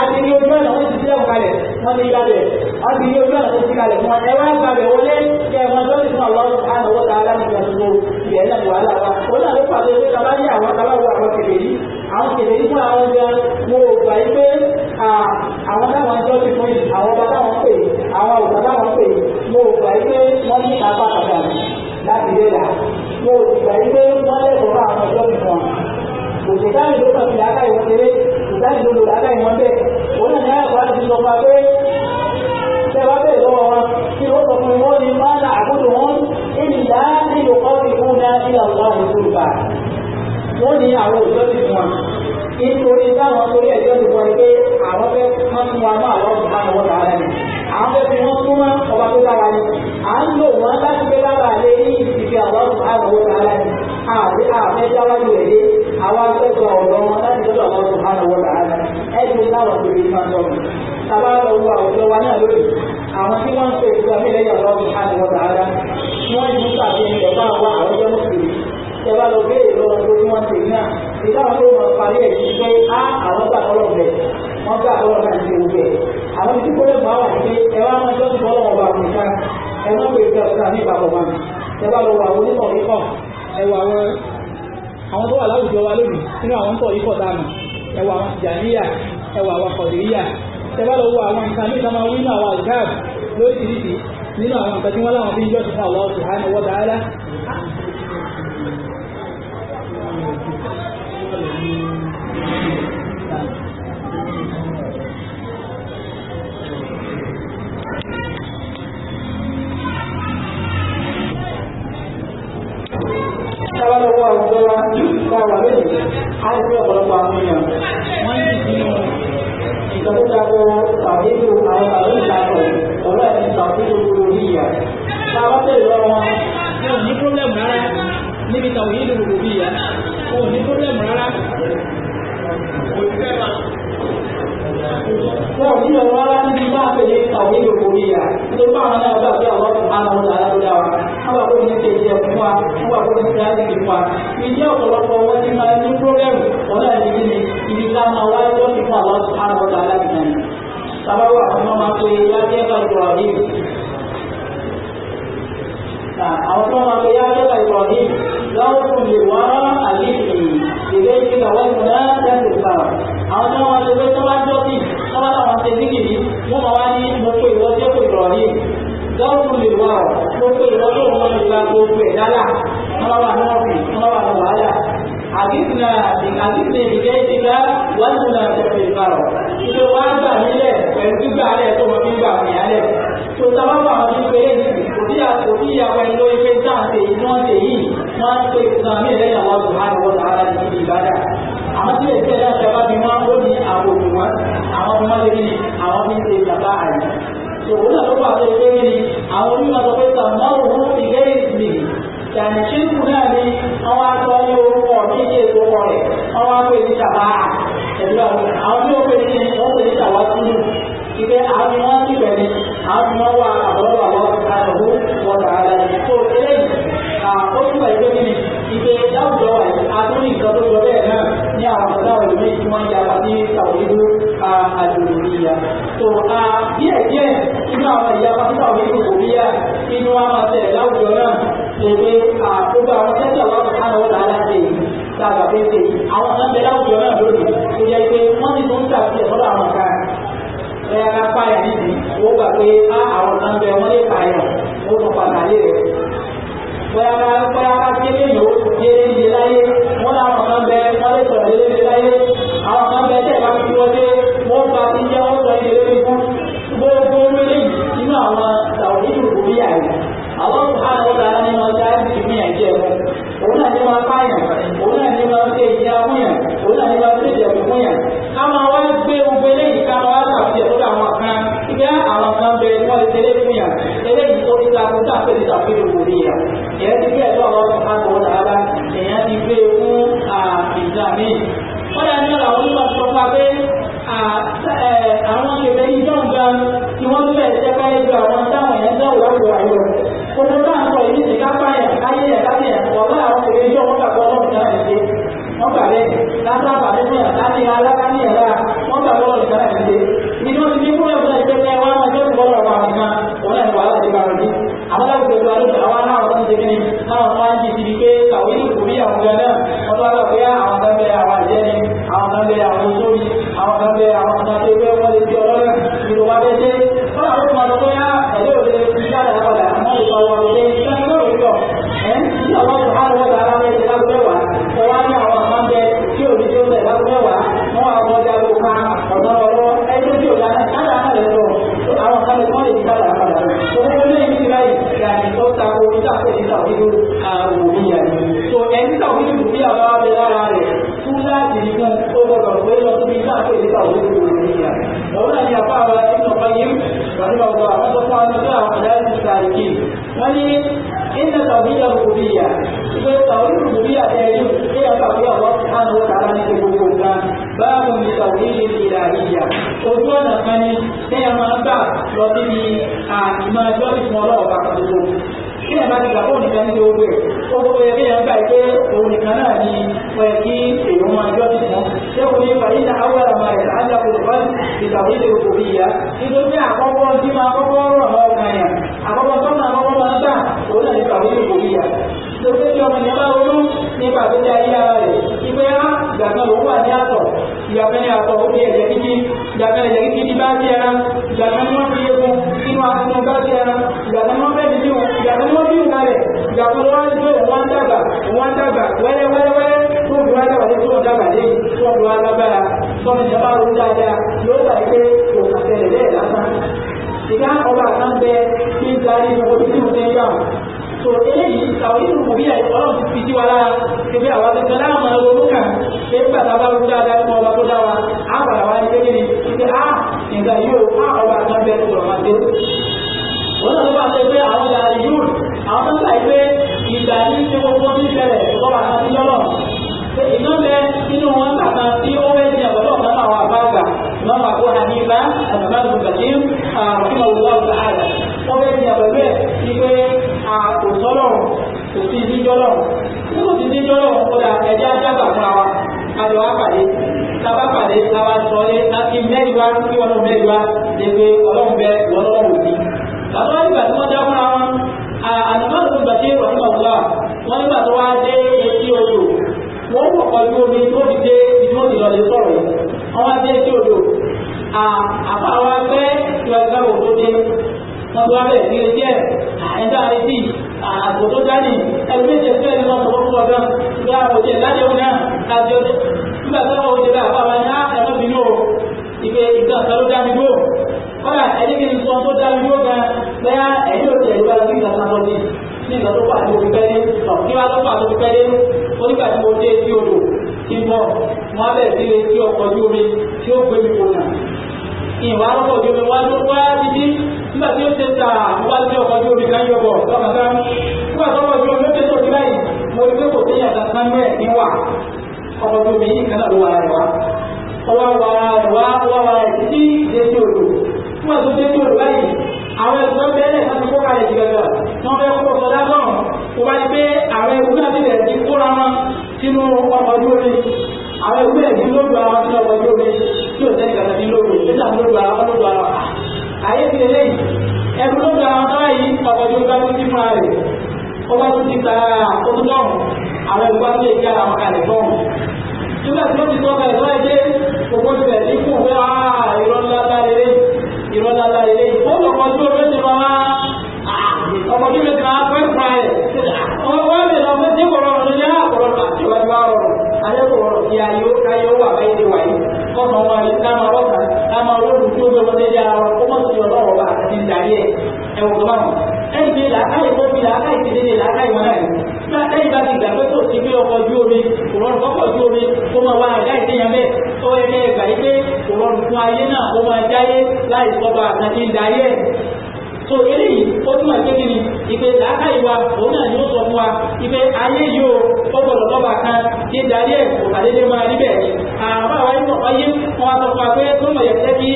àti ní ojú ọ̀nà wọ́n ti sílẹ̀ kalẹ̀ wọ́n ti kalẹ̀ wọ́n ti ní ojú ọ̀nà tó ti kalẹ̀ fún wa ẹ wá gbàgbẹ́ wọlé kí ẹ mọ tó ti fún àwọn àlọ́wọ́ ta alámìkan tó ilẹ̀ náà wàhálà wa ó náà ló pàdé pé kaba ní àwọn kaba wo àwọn kèfèrí àwọn kèfèrí fún àwọn jẹ mo gbà yí pé àwọn táwọn jọ ti fún yìí àwọn ọba táwọn pè àwọn gbà yí pé wọ́n lé là àwọn ọjọ́ ìṣèkáyì ló kàn fi làákàyè wọn ṣeré ìṣáyì ló lo làákàyè wọn bẹ́ẹ̀ wọn náà ní àgbà ti sọ fún wa pé tẹ bá bẹ́ẹ̀ lọ́wọ́ wọn kí ló sọ fún mi wọ́n ní má là àgùdù wọn ìlà nílò kọ́ ti fún ní ilà ọ̀gá òun tó gbà wọ́n ní àwọn òjò ti fún wa nítorí táwọn torí ẹ̀jọ́ ti fún wa pé àwọn fẹ́ má fún wa má àwọn ọ̀gá àwọn ọ̀gá rẹ̀ ni àwọn fẹ́ fi wọ́n súnmọ́ ọba tó dára ni à ń lò wọ́n láti gbé lábàá lé ní ìsìnkú àwọn ọ̀gá àwọn ọ̀gá rẹ̀ ni àbẹ́ dáwájú rẹ̀ sọ̀rọ̀ lọ́wọ́ láti lọ́dọ̀ àwọn sùhánà wọ́n tààlà ẹ̀dùn láwọn òbí máa sọ̀rọ̀ tàbá lọ́wọ́ àwùjọ wa náà lónìí àwọn tí wọ́n ń pè fún abẹ́lẹ́ yà lọ́wọ́ sùhánà wọ́n tààlà wọ́n ń sàfihàn ẹ̀fọ́ àwọn àwùjọ mùsùlùmí tẹ́wà lọ béèrè lọ́wọ́ tó wọ́n ti náà ìdá àwọn tó wọ́n parí ẹ̀ sí pé á àwọn gbà lọ́wọ́ bẹ̀ wọ́n gbà lọ́wọ́ náà ti wù bẹ̀ àwọn tí kò lè mọ àwọn àti ẹ̀wà wọn tó ti bọ́lọ̀ ọba àkùnká ẹ̀wọ́n pè fún ọ̀sán ní ìpapọ̀ wọn tẹ́wà lọ́wọ́ àwọn onímọ̀ àwọn tó wà láwùjọ wa lónìí nínú àwọn ń tọ̀ yíkọ̀ dànù ẹwà àwọn tìjàníyà ẹwà àwọn kọ̀dìríyà tẹ́bá lọ wo àwọn nǹkan ní ìtàmà wínú àwọn àgbáàbù lóríṣiríṣi nínú àwọn nǹkan tí wọ́n láwọn fi ń jọ́ ti fún àwọn ọ̀sùn hàn àwọn èèyàn wọ́n ní ìdílé ìsọkútakọ tàbílù àwọn tàbílù takọ ọ̀rọ̀ ẹ̀sìn tàbílù lórí ìyà táwọn tẹ̀lé lọ wọn. wọn ò ní pọ́blẹ́mù rárá níbi tàwọn yìí lòlò lórí ìyà wọn ò ní pọ́blẹ́mù rárá. wọn ò ní ọ̀rọ̀ rárá níbi bá a fẹ́ lè tàwọn yìí lòlò lórí wà kó ní kejì ẹ̀kún wa wọ́n wà kó ní kíláàsì fún wa ìdí ọ̀pọ̀lọpọ̀ wọn ti máa ní pírọ́gẹ́mù ọ̀nà ìdí ni ibi ká máa wá ẹjọ́ sí fún àwọn àrọ̀dà alágbèéná ni sábàwọ̀ àwọn máa pe yájẹ́ kàlùkọ̀ ọ̀dí àwọn tó máa pe yájẹ́ kàlùkọ̀ ọ̀dí lọ́wọ́ fún lè wá àlè ìgbé ìgbà wọn ní láti fà àwọn tó máa pe pé tó bá sí tó làwọn ṣe níkìlì wọ́n máa wá ní mo pe ìwọ́jẹ́ kò ìrọ̀lẹ́ lọ́wọ́ fún lè wá ọ̀ pé ìrọ́lọ́ wọn ìgbà gbogbo ẹ̀dá là ọlọ́wà náà fi ọlọ́wà náà wàhálà àdìsínà àdìsínà ìjẹ́ ìdíga wọ́n tún náà tẹ̀lé ìbárọ̀ ìjọ wa gbà nílẹ̀ pẹ̀lú gbígbà rẹ̀ tó wọn fi gbà wọn yà lẹ̀ tó sábà wà wọn ní pé kò sí ìyàwó ẹni lórí pé táǹtẹ̀ yìí wọ́n tẹ̀ yìí wọ́n á pè ìtàn mí lẹ́yìn àwọn ọ̀dùn máa ń wọ́n tààrà ní òun náà ló bá tó ṣe kí ni àwọn onímọ̀ sọ pé tàmọ́ òun ìgẹ́ ìsìn yàní ṣírùkù náà ni àwọn aṣọ ní orúkọ kíkẹ́ ìkókọ rẹ̀ àwọn akọ èdè ṣàbá ẹ̀dùn àwọn tí ó pè ní wọ́n pè ní ṣàwá túnú ìgbẹ́ àwọn ni wọ́n ti bẹ̀ ni àwọn tí wọ́n wà àbọ̀lọ́ àwọn àtọ̀hún wọn tàà lẹ́yìn tó eléyìí ó túbọ̀ ìgbé mi ìgbé láwùjọ wà yìí a tún ní nǹkan tó jọ bẹ́ẹ̀ náà ní àwọn àtọ̀dá òyìnbó tí wọ́n ń yàgbà sí ṣàwọ́ ìdúró àjòyìnìyà tó a díẹ̀ díẹ̀ inú àwọn ìyá pátá òní kòkòríyà inú wa máa tẹ̀ láwùjọ náà tó pé àkókò àwọn tẹ́tẹ̀ wà fún àwọn ọ̀dà aláṣẹ yìí tá a àwọn kan tẹ láwùjọ náà lónìí tó jẹ́ pé wọ́n ti tún tàbí ẹ̀ lọ́dọ̀ àwọn kan ẹ̀ ká pààyàn nídìí ó gbà pé á àwọn kan bẹ wọ́n lè pààyàn ó tún pàtàkì rẹ̀ bóyá ká bóyá ká kéde yòó kéde yìí láyé wọ́n láwọn kan bẹ wọ́n lè sọ̀rọ̀ lé ညာကျဲဘုရားဒီမှာပါရံဘုရားဒီမှာသိကြမှုရံဘုရားဒီမှာသိကြမှုရံကာမဝါဘေဝဘေလေးကာမဝါသာပြေဘုရားမှာခံဒီကအလောကဘေဝတေလေးမှုရံတေလေးကိုဒီသာကုသပြေတာပြေလို့ဒီရယတိပြေတော့ဘောသာဘောသာလာတရားဒီပြေဦးအာပိဇာမေဘုရားညလာဝိမတ်တော့ပါပဲအာအာမောကေဘေဒီတော့ကဒီဝတ်ပဲတကယ်ကြောင့်တောင်းရင်တော့ဝါဘောအရောဘုရား wọ́n bẹ̀rẹ̀ sí lè tí ọkọ̀ ojú omi tí ó gbé mi kò nà ìwà ọkọ̀ ojú omi wá ló wá dídí nígbà tí ó ṣe ta wá sí ọkọ̀ ojú omi kan yọ bọ̀ lọ́kàtà nígbà tó ọkọ̀ ojú omi ó ṣe tó ní báyìí mo rí pé kò sí ìyàtà sánú ẹ̀ ní wà ọkọ̀ ojú omi yìí kan náà ló wà rẹ̀ wá ọwọ́ wa rẹ̀ wá ọwọ́ wa rẹ̀ títí dé sí odò nígbà tó dé sí odò báyìí àwọn ẹ̀sọ́ bẹ́ẹ̀lẹ̀ láti kó kalẹ̀ jìgàgà wọ́n fẹ́ kó sọdá náà kó bá di pé àwọn ẹ̀kú náà ti bẹ̀rẹ̀ sí kóra wọn sínú ọkọ̀ ojú omi àwọn ẹgbẹ́ ẹ̀ ní lóògùn ara tí ọkọ̀ tó mi tí ò sẹ́yìn kàtà ní lóògùn nígbà tó lóògùn ara wọn lóògùn ara ayé ti lè lẹ́yìn ẹkùn lóògùn ara tó ayé ọkọ̀ tó bá tó ti fún ara rẹ̀ ó bá tó ti ta ọdún àwọn ẹgbẹ́ tó lè yá ara wọn kalẹ̀ fọ́ọ̀mù nígbà tí wọ́n ti tọ́ ah, ọkọ̀ ẹ̀tọ́ ẹ̀jẹ̀ gbogbo tilẹ̀ ní kù pé ìrọ̀lá lélẹ̀ ìrọ̀lá lélẹ̀ ìfowópamọ́ tó lè ti máa ọmọdé mi ti máa fẹ́ fún ara rẹ̀ ọmọ tí yóò ká wà báyìí wà yìí kọ́mọ wọn yìí ká máa rọ́ta ká máa rọ́ọ̀dù tí ó bẹ wọlé dé ara ó mọ̀ sí ọlọ́wọ́ bá àti ìdarí ẹ̀ ẹ̀wọ̀n tó bá mọ̀ ẹni pé làákàyè tó fi làákàyè ti dédé làákàyè wọn náà nígbà tẹ́yìn bá ti gbà pé tó ti gbé ọkọ̀ ojú omi kò rọrùn ojú omi kó máa wá àjá ìdíyàn bẹ́ẹ̀ tó ẹgbẹ́ ẹgbà yìí pé kò fún ayé náà kó máa jáyé láì sọ́ba àti ìdarí ẹ̀ so eléyìí ó túmọ̀ sí kí ni ìpè làákà ìwà òun náà ni ó sọ fún wa ìpè ayé yìí ó gbọ́dọ̀ lọ́ba kan tí darí ẹ̀ kò kàdédé máa rí bẹ́ẹ̀ ni àwọn àwọn ayé wọn sọ fún wa pé tó mọ̀ yẹn tẹ́kí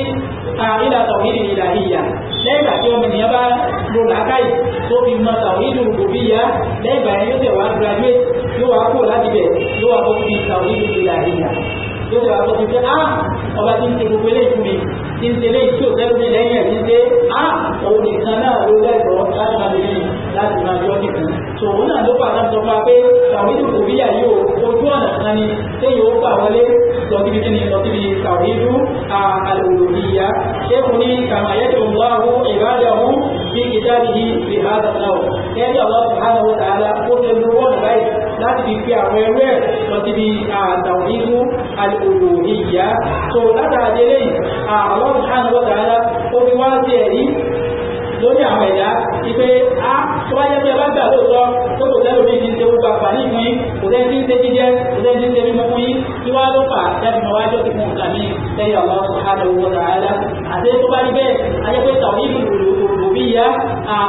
ìlà tọ̀hìnì ìlà ìyà lẹ́gbàá tí ọmọ ènìyàn bá lo làákà yìí tó fi mọ tàwíìdù rùbùbíyà lẹ́gbàá yẹn yóò tẹ̀ wá graduate yóò wá kó láti bẹ̀ yóò wá kó fi tàwíìdù ìlà ìyà yóò tẹ̀ wá kó fi pé ah ọba tí ń ṣe gbogbo eléyìí fún mi ti ń tẹ̀lé tí ò tẹ́lú mi lẹ́yìn ẹ̀ ti ń tẹ́ á ah, òun nìkan náà ló lẹ́tọ̀ọ́ láti máa lè láti máa yọ nìkan tó òun náà ló pàtàkì sọ fún wa pé tàwídù kò bíyà yóò ojú ọ̀nà kan ni téèyàn ó gbà wọlé lọ síbi kí ni lọ síbi tàwídù àlòlòyìyà ṣéèkù ní kàmáyẹ́tò lọ́wọ́ ìbádàwù bí kìtàbí bí hàdà náà kẹ́rì ọlọ́sùn hàdà wọ́tà láti fi pe àwọn ẹrú ẹ̀ lọ síbi àtàwọn igun alòwò ìyá tó látara délé yìí àwọn ìhànà wọ́tà rárá ó fi wá sí ẹ̀rí lórí àwọn ẹ̀dá ìpè a tó bá jẹ́ pé ẹ bá gbà lóòótọ́ tó kò sẹ́lò bí ìdíje gbogbo àǹfààní fún yín kò sẹ́ni tí ń ṣe jíjẹ kò sẹ́ni tí ń ṣe mímọ́ fún yín kí wá ló fà láti mọ wájú ọ̀sìn fún nǹkan mi lẹ́yìn àwọn ọ̀sán àdàwọ̀ wọ̀tà rárá àti tó bá rí bẹ́ẹ̀ ajẹ́pẹ́ tàwọn ìlú àlùlùbíyà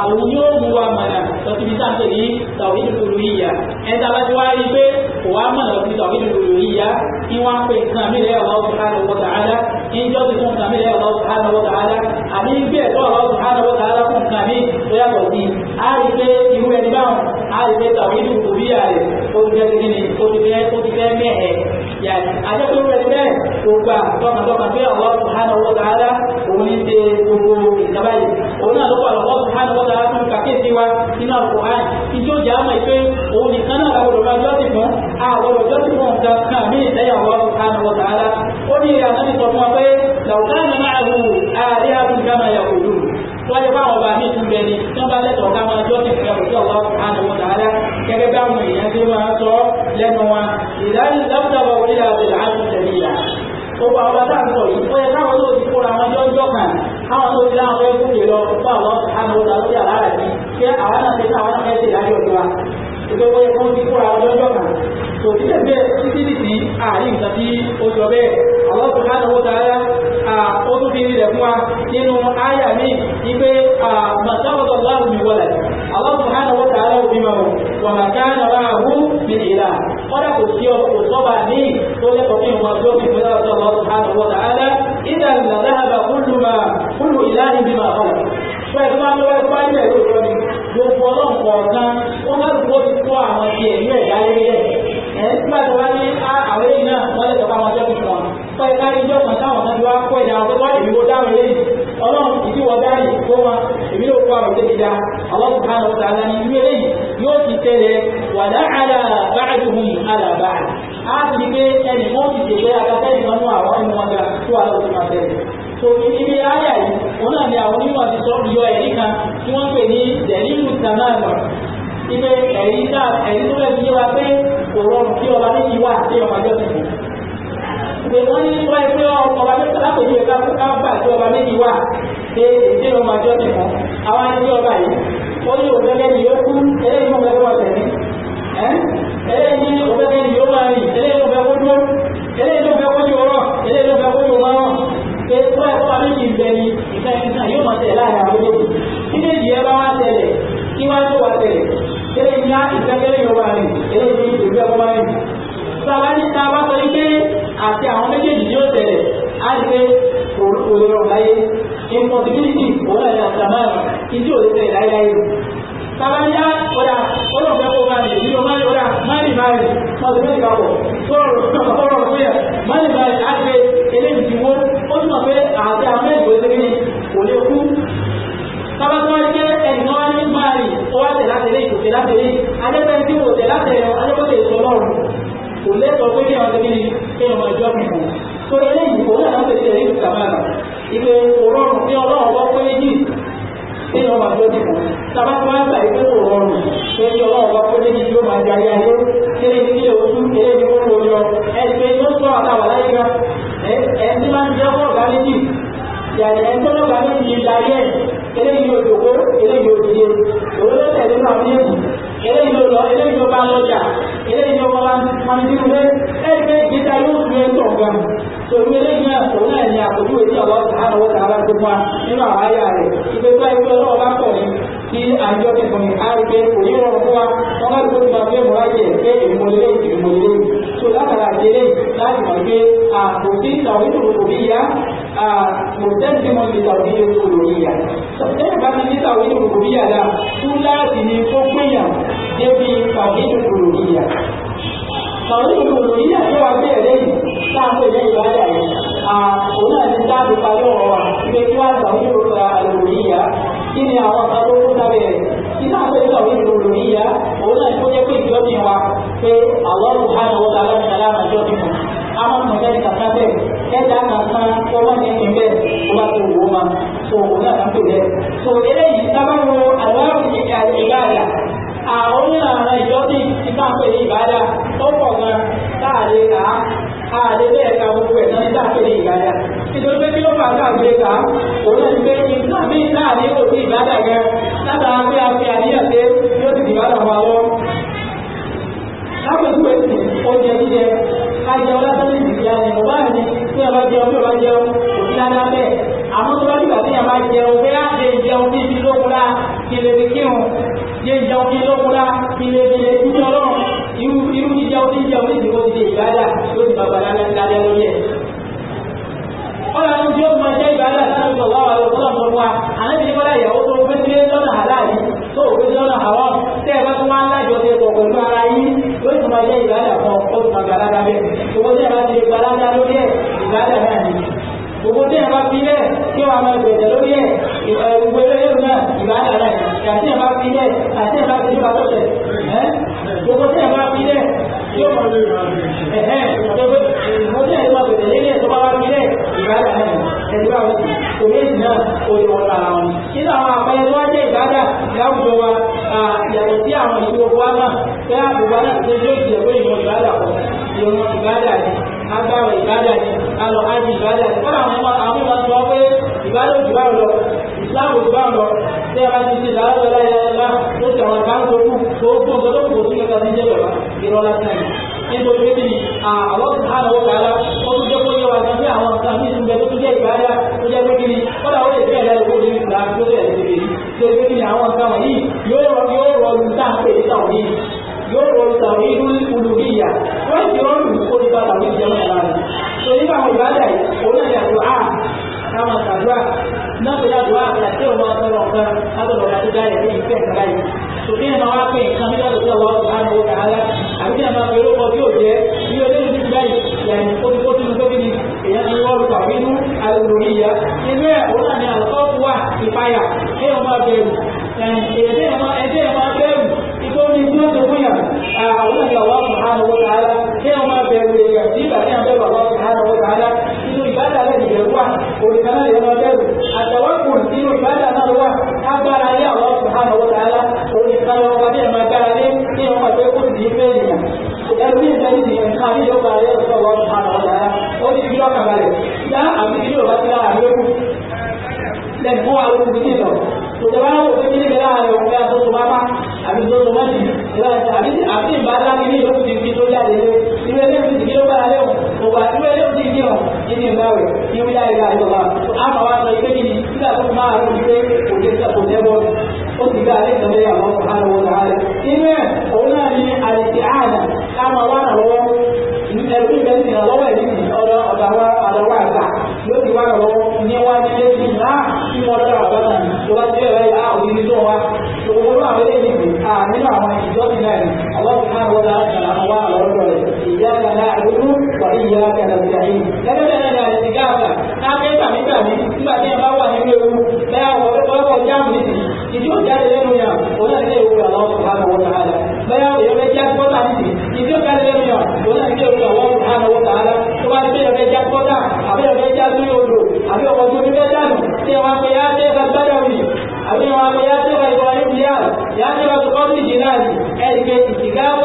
òun yóò mú wa mọ̀nà lọ́sibí sáńpẹ̀ ní tàwídì lùlùyà ẹ̀ta bá ti wá rí pé kò wá mọ̀nà lọ́sibí tàwídì lùlùyà kí wọ́n pe nǹkan mi lẹ́yìn Allah subhanahu wa ta'ala kí n jọ́sìn fún nǹkan mi lẹ́yìn Allah subhanahu wa ta'ala àbí gbé ẹ̀tọ́ Allah subhanahu wa ta'ala fún nǹkan mi tó yàtọ̀ sí a rí pé irú ẹni báwọn a rí pé tàwídì lùlùyà rẹ̀ ó ti fẹ́ yàrá àjẹpẹ́ rẹ̀ bẹ́ẹ̀ kò gbà tọkàntọkàn pé Allah subhanahu wa ta'ala òun ní ṣe gbogbo ìjọba yìí òun náà ló wà Allah subhanahu wa ta'ala fún kàkéèsí wa nínú Al-Qur'an kí tí ó jẹ́ àmọ́ ìpé òun nìkan náà àwọn olùmọ̀ ọjọ́ ti fún àwọn olùjọ́ ti fún ọ̀gá kan mí ìtẹ́yà Allah subhanahu wa ta'ala ó ní ìrìn àtàkì sọ fún wa pé làwùkánà máa hù ààrẹ àbúgbàmà yàgòdù wọ́n yẹ fáwọn ọba mi tún bẹ ni máa jọ́ Allah subhanahu wa ta'ala gẹ́gẹ́ bí àwọn èèyàn tí wọ́n sọ lẹ́nu wa ìdáhùn lọ́pọ̀lọpọ̀ orí àti ìlànà gbogbo àwọn bàtà ń sọ yìí fún káwọn yóò ti kóra wọn jọjọ kan káwọn tó ti láwọn fẹ́ gúnlẹ̀ lọ fún àwọn àmọ̀tà lórí àlàrà yìí ṣé àwọn náà ti káwọn náà fẹ́ ṣèdájọ́ ìwà ìgbẹ́gbẹ́ fún ti kóra wọn jọjọ kan tò nílẹ̀ bẹ́ẹ̀ títí nìsí ààrí nǹkan tí ó jọ bẹ́ẹ̀ Allah subhanahu wa ta'ala ó tún fi rílẹ̀ fún wa nínú àyà mi ní pé màtàwọ̀tọ̀ láàrú mi wọlẹ̀ Allah subhanahu wa ta'ala òbí mọ̀ wà má ká nà bá wú ní ìlà kọ́dà kò sí wọn jẹ́ fún wọn sọ ìdá ìjọ kan táwọn náà wá kó ìdá ọgbẹ́ wá èmi wo dáhùn eléyìí ọlọ́run ìdí wọ dáhùn kó wọn èmi ló kó àwọn òde gíga àwọn kan lọ sí àlàní irú eléyìí yóò ti tẹ̀lé wàdà àlà báàdùhùn àlà báàdù á ti di pé ẹnì wọn ti tẹ̀lé àtàtẹ́yìn wọn náà àwọn ẹni wọn ga tó àwọn òde máa tẹ̀lé so ibi ayà yìí wọn náà ni àwọn onímọ̀ ti sọ yọ ẹ̀rí kan tí wọ́n pè ní dẹ̀lílù tamáàmù ibi ẹ̀rí náà ẹ̀rí tó lẹ́nu yé wa pé kò rọrùn kí ọba méjì wà sí ọmọdé ọ̀sẹ̀ pé wọ́n ní wọ́n ẹ pé ọba mẹ́ta lápòjú ẹ̀ka ká bà tí ọba méjì wà pé èdè ọmọ àjọ nìkan àwọn ẹni ọba yìí ó ní òfẹ́lẹ́ ni ó kú eléyìí mọ̀ fẹ́ wọ́n tẹ̀lé eléyìí ní òfẹ́lẹ́ ni ó máa rìn eléyìí ló fẹ́ kó dúró eléyìí ló fẹ́ kó ju ọ̀rọ̀ eléyìí ló fẹ́ kó ju márùn pé wọ́n ẹ̀ fọ́n méjì bẹ ni ìfẹ́ yóò máa tẹ̀lé láàrin àwọn méjì kí méjì ẹ bá wá tẹ̀lé kí wá tó wá tẹ̀lé eléyìí ní eléyìí ní ìfẹ́ àti àwọn méjèèjì yóò tẹ̀lé á rí pé kò lè rọ̀ láyé impossibility òun náà ní àtàmà ìdí òde tẹ̀lé láyéláyé bàbá ní á ah, ọ̀dà ọlọ́ọ̀fẹ́ kó máa rìn nínú máa ọ̀dà máa rìn máa rìn máa tún mẹ́rin papọ̀ sọ̀rọ̀ lóyà máa rìn máa rìn á rí pé eléyìí ti wó ó túmọ̀ pé àti àwọn mẹ́rin òde tẹ̀lé kò lè kú bàbá tó wáyé pé ẹnì kan lé lẹ́tọ̀ọ́ pé kí ọ̀sẹ̀ kíni kí ọmọ ìjọ mi kù tó lọ lẹ́yìn kò náà láti ṣe èyí kàmáàrà ipe kò rọrùn ní ọlọ́run bọ́ pé méjì kí ọmọ ìjọ mi kù tàbá tó wá gbà yí pé kò rọrùn pé kí ọlọ́run bọ́ pé méjì yóò máa jayé ayé kí ẹni kí ojú eré ni wọ́n lò yọ ẹni pé yóò sọ àtàwà láyé gan ẹni tí máa ń jẹ́ ọ̀gá méjì yàrá ẹni tó lọ́gàá méjì láyé eléyìí òjòkó eléyìí òjòyè òun ló tẹ̀lé náà méjì eléyìí ló lọ eléyìí ló bá lọ́jà eléyìí ọmọ wa ti pọn nínú rẹ ẹgbẹ́ ìgbésà yóò fi ẹ tọ̀ gan torí eléyìí náà òun náà ní àpòjú èyí ọ̀rọ̀ àwọn ọ̀rọ̀ àwọn tó wà nínú àwọn àyà rẹ̀ ìgbé tó ẹgbẹ́ ọlọ́wọ́ bá pọ̀ ní kí àjọ kẹfọ̀n àrùkẹ́ òní rọrùn fún wa wọn bá tó máa fẹ́ mọ́ ayé ẹgbẹ́ ìmọ̀lẹ́ ìmọ̀lẹ́ tó látara àjẹlẹ̀ láti mọ̀ pé àpòtí ìtàwé òbí yá àpòtẹ́sí mọ́ ìtàwé òbí yá tẹ̀yìn bá ti ní ìtàwé òbí débi tàwíìdù olùdíyà tàwíìdù olùdíyà tí wàá bẹ̀rẹ̀ lẹ́yìn táàpẹ̀ lẹ́yìn ìbáyà yìí òun náà ti dáàbò parí ọ̀rọ̀ wa pé kí wàá tàwíìdù olùdíyà kí ni àwọn ọ̀gá tó kún sábẹ̀ rẹ̀ kí táàpẹ̀ tàwíìdù olùdíyà òun náà tó jẹ́ pé ìjọ́sìn wa pé àwọn olùhánà wọn làwọn ìṣẹ̀lẹ̀ àwọn ìjọ́sìn wọn àwọn mọ̀lẹ́ni kàkà bẹ́ẹ̀ ẹ̀dá kankan tọ́wọ́ ní ẹ̀sìn bẹ́ẹ̀ tó bá ti wò ó ma so òun náà kà ń pè so eléyìí tábà wo àwọn ìgbà àgbà àwọn onílànà ìjọsìn ti máa pè ní ìbádà ó pọ̀ gan láàrin ká ààrẹ bẹ́ẹ̀ ka gbogbo ẹ̀ náà dáàbò ní ìbádà nítorí pé kí ló fà káàkiri ká òun náà ti pé nígbà míì láàrin òsì ìbádà gan látara pé a fi àníyàn ṣe yóò sì ìbádà wa lọ. lápẹ̀tù ẹ̀sìn oúnjẹ jíjẹ kájẹun lásán ní ìdíyà ni mo bá ní tí a bá jẹun bí o bá jẹun òbí dáadáa bẹ́ẹ̀ àmọ́ tó bá dìgbà tí a bá jẹun bẹ́ẹ̀ á lè jẹun bí ibi lókun lá kí lè fi kírun jẹ́ ìjà òkè lọ́kúnlá ilé ilé ìjọ ọlọ́run irú irú jíjà òkè ìjà òkè ìdìbò ti ìbádà yóò ti bàbá lálẹ́ lálẹ́ lórí ẹ̀. ọ̀là ní yóò máa jẹ́ ìbádà láti sọ̀rọ̀ wà lọ́wọ́ sọ́nà fún wa àlejò ìbádà ìyàwó tó fẹ́ sí lọ́nà àláàyè tó fẹ́ sí lọ́nà àwọn tẹ́ ẹ bá tún máa ń lájọ ti pọ̀ pẹ̀lú ara yín yóò ti máa jẹ́ ìbádà fún ọ gbogbo tí ẹ bá fi lẹ̀ tí wàá máa bẹ̀rẹ̀ lórí ẹ̀ gbogbo eléyìí náà ìbára rẹ̀ àti ẹ bá fi lẹ̀ àti ẹ bá fi lẹ̀ lọ́sẹ̀ ẹ́ gbogbo tí ẹ bá fi lẹ̀ tí ó máa ẹ̀ẹ́ gbogbo tí ẹ bá bẹ̀rẹ̀ lórí ẹ̀ tó bá wá fi lẹ̀ ìbára rẹ̀ ẹ̀dí bá wọ́n kò ní ìsìn náà ó lè wọ́n lára wọn. nínú àwọn àpẹẹrẹ tó wá jẹ́ ìbára láwùjọ wa yàtọ̀ sí àwọn ìṣòro wa náà fẹ́ àbùkù ká lọ ájì ìbádà kọ́nà àwọn ẹ̀ma àwọn ìmọ̀ ti wọ́n pé ìbádà òjò bá lọ ìsìláàmù òjò bá lọ tí a bá ti ṣe ìdáwọ́ ẹ̀la ẹ̀la tó ti àwọn ìbá ń tó kù tó gbọ́n tó lókùn òsì kẹta ní jẹ́ bàbá ìrọ̀ lásán yìí nítorí pé ní àwọn sùhánà ó kàrà ó tún jẹ́ kó yẹ wà sí àwọn nǹkan ní ìsúnjẹ tó tún jẹ́ ìbádà tó jẹ́ pé kíni kọ́nà ó lè fẹ́ ẹ̀la ìwé òjò ìgbà tó tẹ̀ ẹ̀sìn bèbí àwọn nǹkan yóò rọ yóò rọ ní táàpé ìtàwọn ti rọrùn kó tàbí ìjẹun ẹ̀la rẹ̀ so nípa àwọn ìbáàdà yìí òun náà ní àdúrà á káwọn àdúrà náà pẹ̀lú àdúrà àgbà tí òun máa tọrọ nǹkan látọ̀dọ̀ ọ̀gá tó dá ẹ̀ fẹ́ ìkàlá yìí so kí ni máa wá pé nǹkan bí wọ́n ti sọ̀rọ̀ ọ̀gá àwọn ọ̀gá ara àbí kí ni máa fi orúkọ tí ò jẹ́ bí olóyún ti gbá yìí yẹn ó ti kó sínú tó kí ni èèyàn ti wọ́ọ̀rù pàbí inú alòlòyìyá inú ẹ̀ òun náà ní àlọ́kọ́ wà ìpayà kí wọ́n máa bẹ̀rù ẹ̀ẹ́dẹ́ máa bẹ̀rù ìtòrí tí ó ti fún yà àwọn ọ̀gá wa sùn òrìkan náà lè lọ dẹ́rù àtẹ̀wọ́kùn nínú ìbádà náà wà agbára ayé àwọn subhanahu wa ta'ala òrìkan lọ wà ní ẹ̀mọ agbára lé ní ọmọ pé kò sí fẹ́ ènìyàn ẹrú ní subhanahu wa ta'ala ó ti fi lọ́kàn balẹ̀ dá àbí kí yóò bá ti lára àbí ẹkù lẹ́nu fún àwọn olùkú ní ìlọ òjòba wò pé kí níbi láàrin òun yàtọ̀ tó bá bá àbí tó tó má jì àbí ìbára kí ní ìlú ti fi tó jáde lé ìwé lẹ́yìn ti kí ló bára lẹ́wọ̀n òwà ìwé lẹ́yìn ti kí ọ̀ nínú ìmọ̀ rẹ̀ ní orí àìlà ìjọba àmọ́ wa sọ ìpé kìíní nígbà tó máa rú ìpé kò ní sọ kò tẹ́bọ̀ ó ti gbá alẹ́ ìtọ́lẹ́ àwọn ọ̀hánà wọn láàárẹ̀ nínú ẹ̀ òun náà ní àlèkè ààlà káàmà wà ràn lọ́wọ́ ẹ̀rú ìbẹ̀ ti ràn lọ́wọ́ ẹ̀rí ọ̀dọ̀ ọ̀dàwà àdàwà àgbà ló ti wà lọ́wọ́ ní wá ní ilé ti náà tí wọ́n lọ́dọ̀ àbá náà tó bá ti rẹ̀ á òbí tó wá òun náà wọlé ní ìlú àmì àwọn ìjọ́sìn náà ni àwọn ọ̀hánà wọn láàárẹ̀ àwọn àwọn ọ̀dọ̀ rẹ̀ ìyá وإياك نستعين لكن أنا لا استجابة أكيد أمين أمين ما تيجي ما واحد يقول لا هو هو جام نسي يجوا جالس لنا يا ولا نقول الله سبحانه وتعالى ما يا يوم جالس ولا نسي يجوا جالس لنا يا ولا نقول الله سبحانه وتعالى ثم أبي يوم جالس ولا أبي يوم جالس يقول أبي يوم جالس يقول تيجي ما في هذا بدر مني أبي يوم في هذا إبراهيم يا يا ترى تقول لي جنازي أي كي تجاوب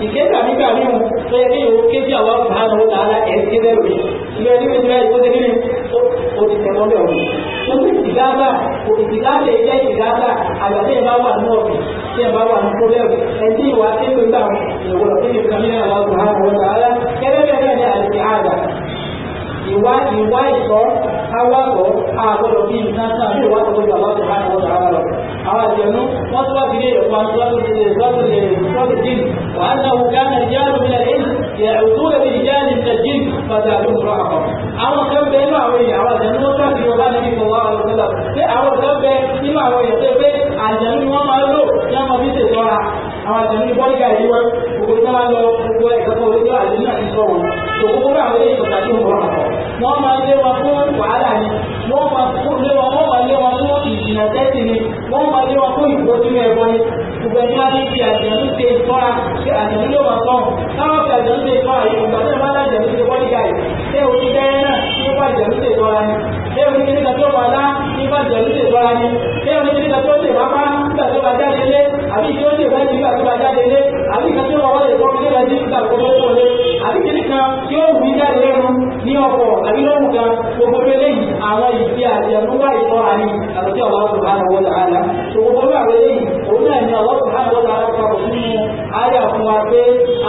أي كي تعمل tó yẹ kí ìwò kéjì àwọn ọ̀sán àwọn ọ̀tàlá ẹ̀ẹ́dì bẹ́ẹ̀ mi ìgbẹ́ ní ìgbẹ́ ìgbó ti nílẹ̀ ó ti tẹ̀ mọ́lẹ̀ ọ̀hún. ó ní ìdìgáàbà kò ìdìgáàbà ilé ìdìgáàbà àgbàdo ẹ̀ bá wà ní ọ̀gbìn tí ẹ̀ bá wà ní pọ́lẹ́rù ẹ̀dí ìwà tí ó gbà ìwọ̀n ìwá ìwá ìtọ́ awákọ̀ àgbọ̀dọ̀ bí nǹkan kan ní ìwá ìtọ́jú àwọn ọ̀sẹ̀ hàn wọ́n sàrà lọ. àwọn àjẹnú wọ́n tún wá sí ilé ìwà ìtọ́jú وأنه كان رجال من العلم يعوذون برجال من الجن فزادوهم رعبا. أو كم بين معوية أو جنون وكافر ولا نبي صلى الله عليه وسلم. أو كم بين معوية تبين عن جنون وما له كما في سيطرة. أو جنون بوليكا يوم وكل ما له وكل ما له عن جنون أن يصوم. وكل ما عليه فزادوهم رعبا wọ́n máa lé wọn fún wàhálà ni wọ́n máa lé wọn wọ́n máa lé wọn fún ìjìnà tẹ́sí ni wọ́n máa lé wọn fún ìgbójú ẹ̀rọ ni gbogbo ẹni máa ń àjẹ̀lú ṣe ìtọ́ra ṣe àjẹ̀lú ló máa tán táwọn fi àjẹ̀lú ṣe ìtọ́ra yìí ìgbà tó máa lájẹ̀lú ṣe wọ́n nígbà yìí ṣé o ti dẹ́rẹ́ náà tó bá àjẹ̀lú ṣe ìtọ́ra ni ṣé o ti kí nígbà tó wà lá nípa àjẹ̀lú ṣe ìtọ́ra ni ṣé o ti kí nígbà tó ṣe wápá nígbà tó bá jáde lé àbí tí ó ṣe ìwé nígbà tó bá jáde lé àbí ìgbà tó wà wọ́n lè kọ́ kan yóò wí jáde lẹ́nu ní ọkọ̀ àbí lọ́rùn kan gbogbo eléyìí àwọn ìdí àti ẹ̀núwà ìtọ́ra ni àtọ́jú àwọn subhanahu wa ta'ala tó gbogbo àwọn eléyìí òun náà ni àwọn subhanahu wa ta'ala papọ̀ sínú ayé fún wa pé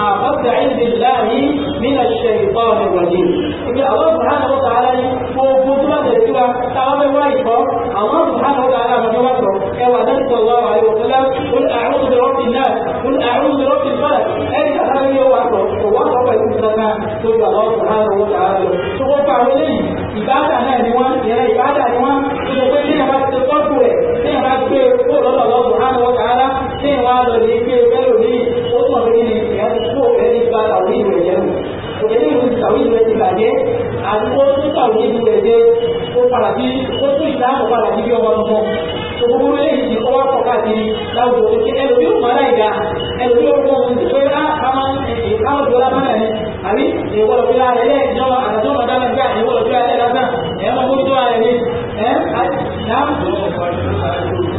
àbọ̀tà ìdìláàrí nínú ṣe ìtọ́ ọ̀rẹ́ wọ̀nyí. ibi àwọn subhanahu wa ta'ala ni gbogbo tó bá tẹ̀lé sí wa táwọn fẹ́ wá ìkọ́ àwọn subhanahu wa ta'ala mọ̀ wá sọ ẹwà náà sọ lọ àyè òkúlá kul a'udhu bi rabbin nas kul a'udhu bi rabbil falaq ẹni tàbí yóò wá sọ òwò àkọ́kọ́ ìk kankan tó ju àwọn ọ̀sán àwọn owó tó kó fa àwọn eléyìí náà ni wọ́n ìyẹn ìbáàdà ni wọ́n tó ṣe pé téèyàn ti ṣe tọ́jú rẹ̀ téèyàn gbé e kó lọ́dọ̀ lọ́dọ̀ àwọn ọ̀sán ara téèyàn lọ lè gbé bẹ́ẹ̀ e ní ó tún ọ̀rẹ́ ní ìyẹn tó tàwọn rẹ̀ jẹ ó padà bí ó tún ìdáàbò padà pọ̀ káàkiri láwùjọ ẹlòmíràn máa láì dáa ẹlòmíràn mọ̀ ọ́n ti pé ah, á máa ń ṣe káwọn ìjọba máa àbí èèwọ̀ lọ fi lára ilé ìjọba àtàjọ́ ọ̀dá nàìjíríà èèwọ̀ lọ fi lára ilé lásán ẹ̀yọ́ máa bójú tó ara ẹni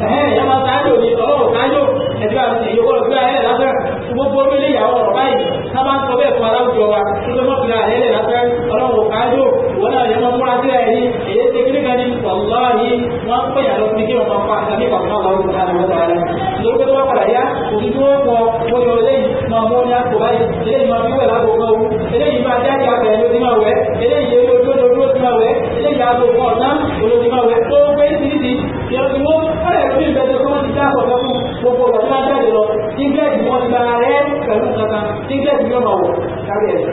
ẹ̀ ẹ̀yọ́ máa sáájò ní ọlọ́run sáájò ẹ̀jọ́ àti èèwọ̀ lọ fi lára ilé lásán gbogbo orílẹ̀ ìyàwó ọ̀rọ̀ báyìí ká máa ń sọ bẹ́ẹ̀ fún aláwùjọ wa tó fẹ́ mọ́ fi lára ilé lásán ọlọ́run sáájò ìwọ́n náà yẹn máa múra sílẹ̀ ẹni èyí ṣe kí nìkan ní wàlúwàlú wọn pẹ̀yà lọ sí kí wọn máa fa àtàkì ìpàkùn náà lọ́wọ́ sáájò wọn sáájò lórí pé tó bá padà yá òbí tí wọ́n kọ wọ́n yọ eléyìí máa mú ní àpò báyìí eléyìí máa fi wẹ̀ lágbo máa lo nǹkan ọ̀tá olóòtú máa wẹ̀ tó gbé títí tí ó ti wó ọ̀rẹ́ ìlú ìbẹ̀tẹ̀ tó ti dá àpọ̀ fún gbogbo ọ̀rọ̀ tó jáde lọ tíkẹ́ẹ̀tì wọn gba rẹ pẹ̀lú kankan tíkẹ́ẹ̀tì yóò máa wọ̀ kárí ẹ̀.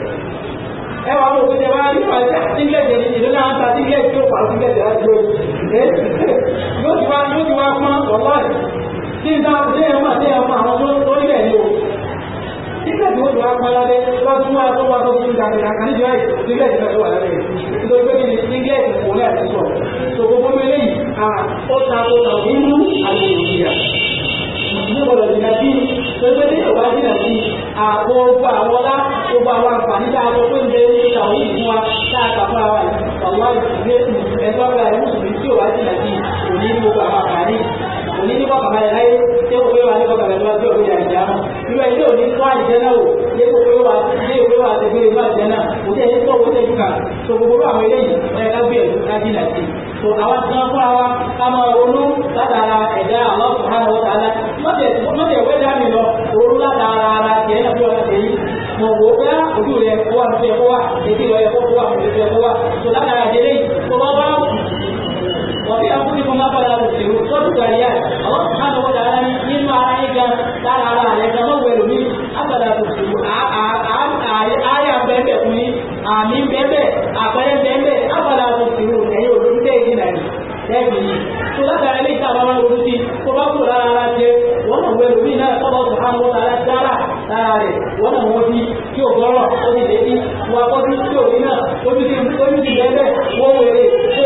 ẹ wàá wò pé wá nípa tíkẹ́ẹ̀tì ìlú náà ń ta tíkẹ́ẹ̀tì tó pa tíkẹ́ẹ̀tì láti lóyún. yóò ti wá yóò ti wá fún máa tó máa tó fi ń ga ìyá kan níbi láì nílẹ̀ ìgbà tó wà lẹ́yìn nítorí pé kí ni nílẹ̀ ìkòkò náà ti sọ so gbogbo mi lẹ́yìn à ó ta ko ta òbí mú àti òbíyà ní ọ̀rọ̀ ìdílé bí torí pé ní ìwà ìdílé bí àpò ọgbà àwọlá gbogbo àwọn àǹfààní tá a sọ pé ń bẹ ní ìtàwé ìfún wa tá a kà fún àwa yìí àwọn ìdílé ẹgbẹ́ ọgbà ẹ̀mú ìdílé tí ìwà ìdílé bí òní ní gbogbo àwọn àǹfààní òní ní kọkànlẹ̀ láyé tí ó gbé wa ní kọkànlẹ̀ lọ́jọ́ ìgbéyàwó ìyá náà irú ẹgbẹ́ òní fún àìjẹ́ náà wò wà ilé ìwé wà ti gbé ìlú àti ẹ̀nà kò tẹ̀ ẹ́ sọ̀rọ̀ tẹ̀ jùkà tó gbogbo àwọn eléyìí ẹ̀ lágbẹ̀ẹ́ láti nàìjíríà tó àwọn tí wọ́n fún wa ká máa ronú látara ẹ̀dá àwọn ọkùnrin àwọn ọ̀tá alá mọ́tẹ̀ ìwé dá mi lọ ronú látara ara ti ẹ̀ nàbí ọ̀tá tẹ̀yìn mọ̀ wò bá ah, ojú rẹ̀ kó wà níbi ẹ̀kọ́ wà ètí ìwé ẹ̀kọ́ kó wà níbi ẹ̀kọ́ wà tó látara ìdílé tó bá bá wọ́n fi àkúrò ìfọ̀mọ́ apàdà òṣèlú tó dùgbà yá àwọn ọ̀tá àwọn ọ̀tá alá nínú ara yín gan lára ara rẹ̀ gan mọ́wò àmì bẹ́ẹ̀ àpẹẹrẹ bẹ́ẹ̀ àpàdà òṣèlú ẹ̀yìn olórí tẹ́ ìdí náà lẹ́gbẹ̀ẹ́ yìí tó látara ilé ìta àwọn olórí sí tó bá kúrò lára ara jẹ wọ́n náà wẹ́n lórí náà tọ́lọ́ sọ àwọn ọmọ ara dára lára rẹ̀ wọ́n náà wọ́n di kí o gbọ́rọ̀ ó ti dẹ́bi wọ́n akọ́jú tí o ní náà ó ti ti bẹ́ẹ̀ wọ́n wèrè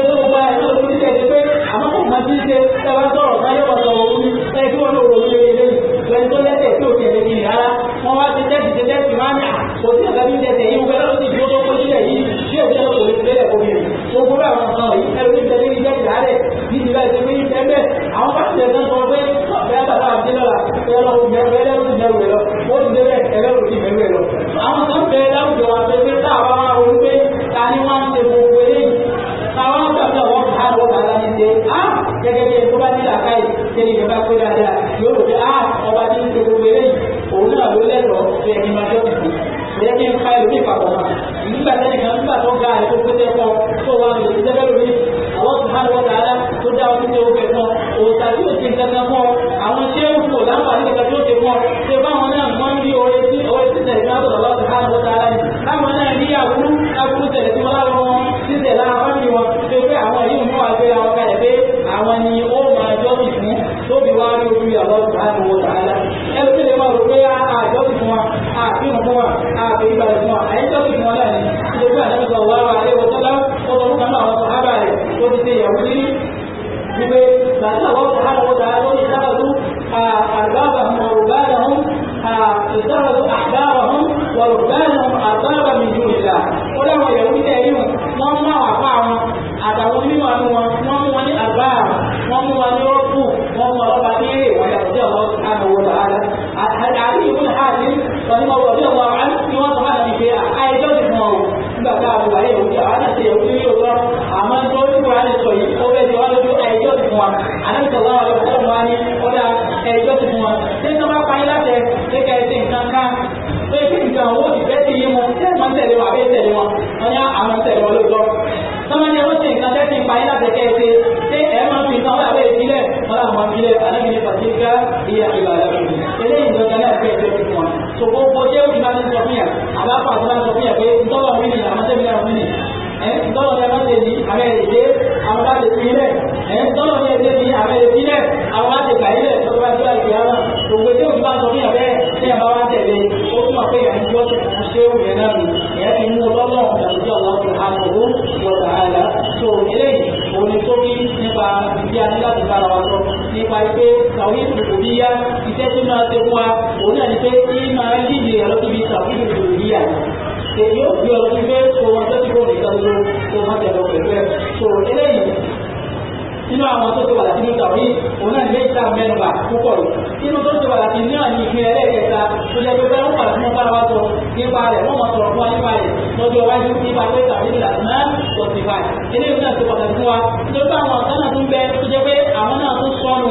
tó tó gba ẹ̀ tó lórí tẹ̀ ṣe pé àmọ́ kò má ti ṣe tẹ́wá sọ̀rọ̀ báyọ̀ bá sọ̀rọ̀ omi ẹ̀ tí wọ́n lò lórí eléyìí lẹ́yìn tó lẹ́sẹ̀ tí o ti ẹ̀ lé kiri rárá wọ́n wá ti tẹ́sì ti tẹ́sì máa ń kò sí ọ̀gá bí tẹ̀sẹ̀ yìí gbogbo àwọn kan yìí ẹrú ní tẹ̀lé ìjẹ́ ìdálẹ̀ yìí ti bá ìṣẹ́lẹ̀ yìí tẹ́lẹ̀ àwọn bá tilẹ̀ sọ pé ọ̀bẹ bàbá àti lọ́la ẹ lọ wọ mẹ́rù ẹ lẹ́rù ti mẹ́rù lọ ó ti débẹ̀ ẹ lẹ́rù ti mẹ́rù lọ. àwọn kan bẹ láwùjọ wa pé pé táwa máa ronú pé ta ni wọ́n ṣe gbogbo eléyìí táwa ń gbà pé àwọn kan àwọn kan ṣe á gẹ́gẹ́ bí ẹ̀kọ́ bá ti là káyì ṣe ni ìjọba pé dáadáa yóò rò pé á ọba ti ń ṣe gbogbo eléyìí òun náà ló lẹ́rọ̀ọ́ ṣe ẹni máa jọ́ ìgbà tẹ́lẹ̀ kan nígbà tó orúkọ ẹ̀fọ́ òòtà tí ò ti ń kankan fún ọ àwọn tí ó ń fò láǹfààní kankan tí ó ti fún ọ ṣe báwọn náà wọ́n ń rí oore sí ọwọ́ ìṣẹ̀lẹ̀ ìgbàlódé اتخذوا احبارهم ورهبانهم اربابا من دون الله ولما يقول ايهم wọn mú àwọn apá wọn àtàwọn onímọ̀ àánú wọn wọn mú wọn ní àgbà wọn mú wọn ní rọ́pù wọn mú ọlọ́ba ní eré ìwádìí àti ọ̀rọ̀ àbẹ̀wò tààlà àti ìwé àti ọ̀nìmọ̀ ọ̀dọ́ ọ̀rọ̀ àwọn tí wọ́n sọ̀rọ̀ àti ìfẹ́ àìjọ́ ti fún ọ̀rọ̀ nígbà tá a wù wáyé òun àwọn àti ẹ̀wù ní òwúrọ̀ àmọ́ tó ti wà ní sọ yìí ó bẹ́ẹ̀ ti wá lójú àìjọ́ ti fún wa àti ìtọ́lá ìlàkà ìyá ìbàdàn eléyìí ini kan náà apa fẹ́ẹ́ fún wa so gbogbo ṣé o apa máa ti sọ fún yà àbáfà tó máa ini. fún yà pé ntọ́lọ̀ mi ni àmọ́tẹ́mi náà mi ni ẹ̀ ntọ́lọ̀ mi máa tẹ̀lé àmẹ́ ìdè àwọn bá ti fi lẹ̀ ẹ̀ ntọ́lọ̀ mi ti fi àmẹ́ ìdè fi lẹ̀ àwọn bá ti kàyé lẹ̀ tọ́lọ́ bá ti wá ìgbéyà náà gbogbo ṣé o ti máa sọ fún yà bẹ́ẹ̀ ṣé yà bá wá tẹ̀lé o tún wà pé yà ń gbọ́ ṣé o yẹn náà mi ẹ̀ ti mú ọlọ́mọ ìdàgbàsókè ọlọ́run àmọ̀gbó wọ̀dà àlà so eléyìí òun ni tó kí nípa bí a ní láti bára wa sọ nípa pé tàwí ìdòdòdíyà iṣẹ́ tí máa ṣe fún wa òun náà ni pé kí máa ń dìde ọ̀rọ̀ síbi tàwí ìdòdòdíyà èyí ó fi ọ̀rọ̀ sí pé kò wọ́n tó ti kó nìkan ló kó wọ́n tẹ̀ lọ pẹ̀lú ẹ̀ tó eléyìí nínú àwọn tó ti wà láti nínú tàwí òun náà ní lẹ́yìn tá mẹ́nuba púpọ̀ lọ nínú tó ti wà láti náà ní ìpín ẹlẹ́ẹ̀kẹta tó jẹ́ pé bẹ́ẹ̀ wọ́n pàṣẹ wọn bára wa sọ nípa rẹ̀ wọ́n mọ̀ sọ̀rọ̀ fún wa nípa rẹ̀ lọ́jọ́ iwájú nípa pé tàbí ìlà náà sọ̀tìfà eléyìí náà ti pàtàkì fún wa nítorí pé àwọn ọ̀sán náà tún bẹ tó jẹ́ pé àwọn náà tún sọnù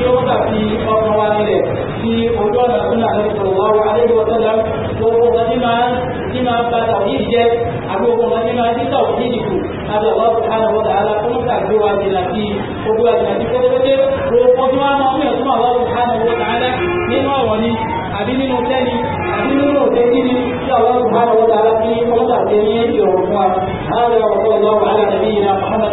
tí ó gbà fi ọkàn wa nílẹ̀ tí ojú ọ̀nà fún àlejò sọ̀rọ̀ wá wà lẹ́yìn ọ̀tẹ́lá gbogbo ọ̀gá tí máa tí máa ba tàbí jẹ àbí gbogbo ọ̀gá tí máa dídà òbí dìbò àti ọ̀gá ọ̀gá ọ̀gá ala fún ìgbàgbé wa ti là sí gbogbo àgbà tí pẹ́tẹ́pẹ́tẹ́ gbogbo tí wọ́n máa ń yàn fún àwọn ni àbí nínú tẹ́ni àbí ni tí àwọn ọ̀gá ọ̀gá ala fi ọlọ́dà tẹ ní ìrọ̀rùn fún wa. هذا وصلى الله على نبينا محمد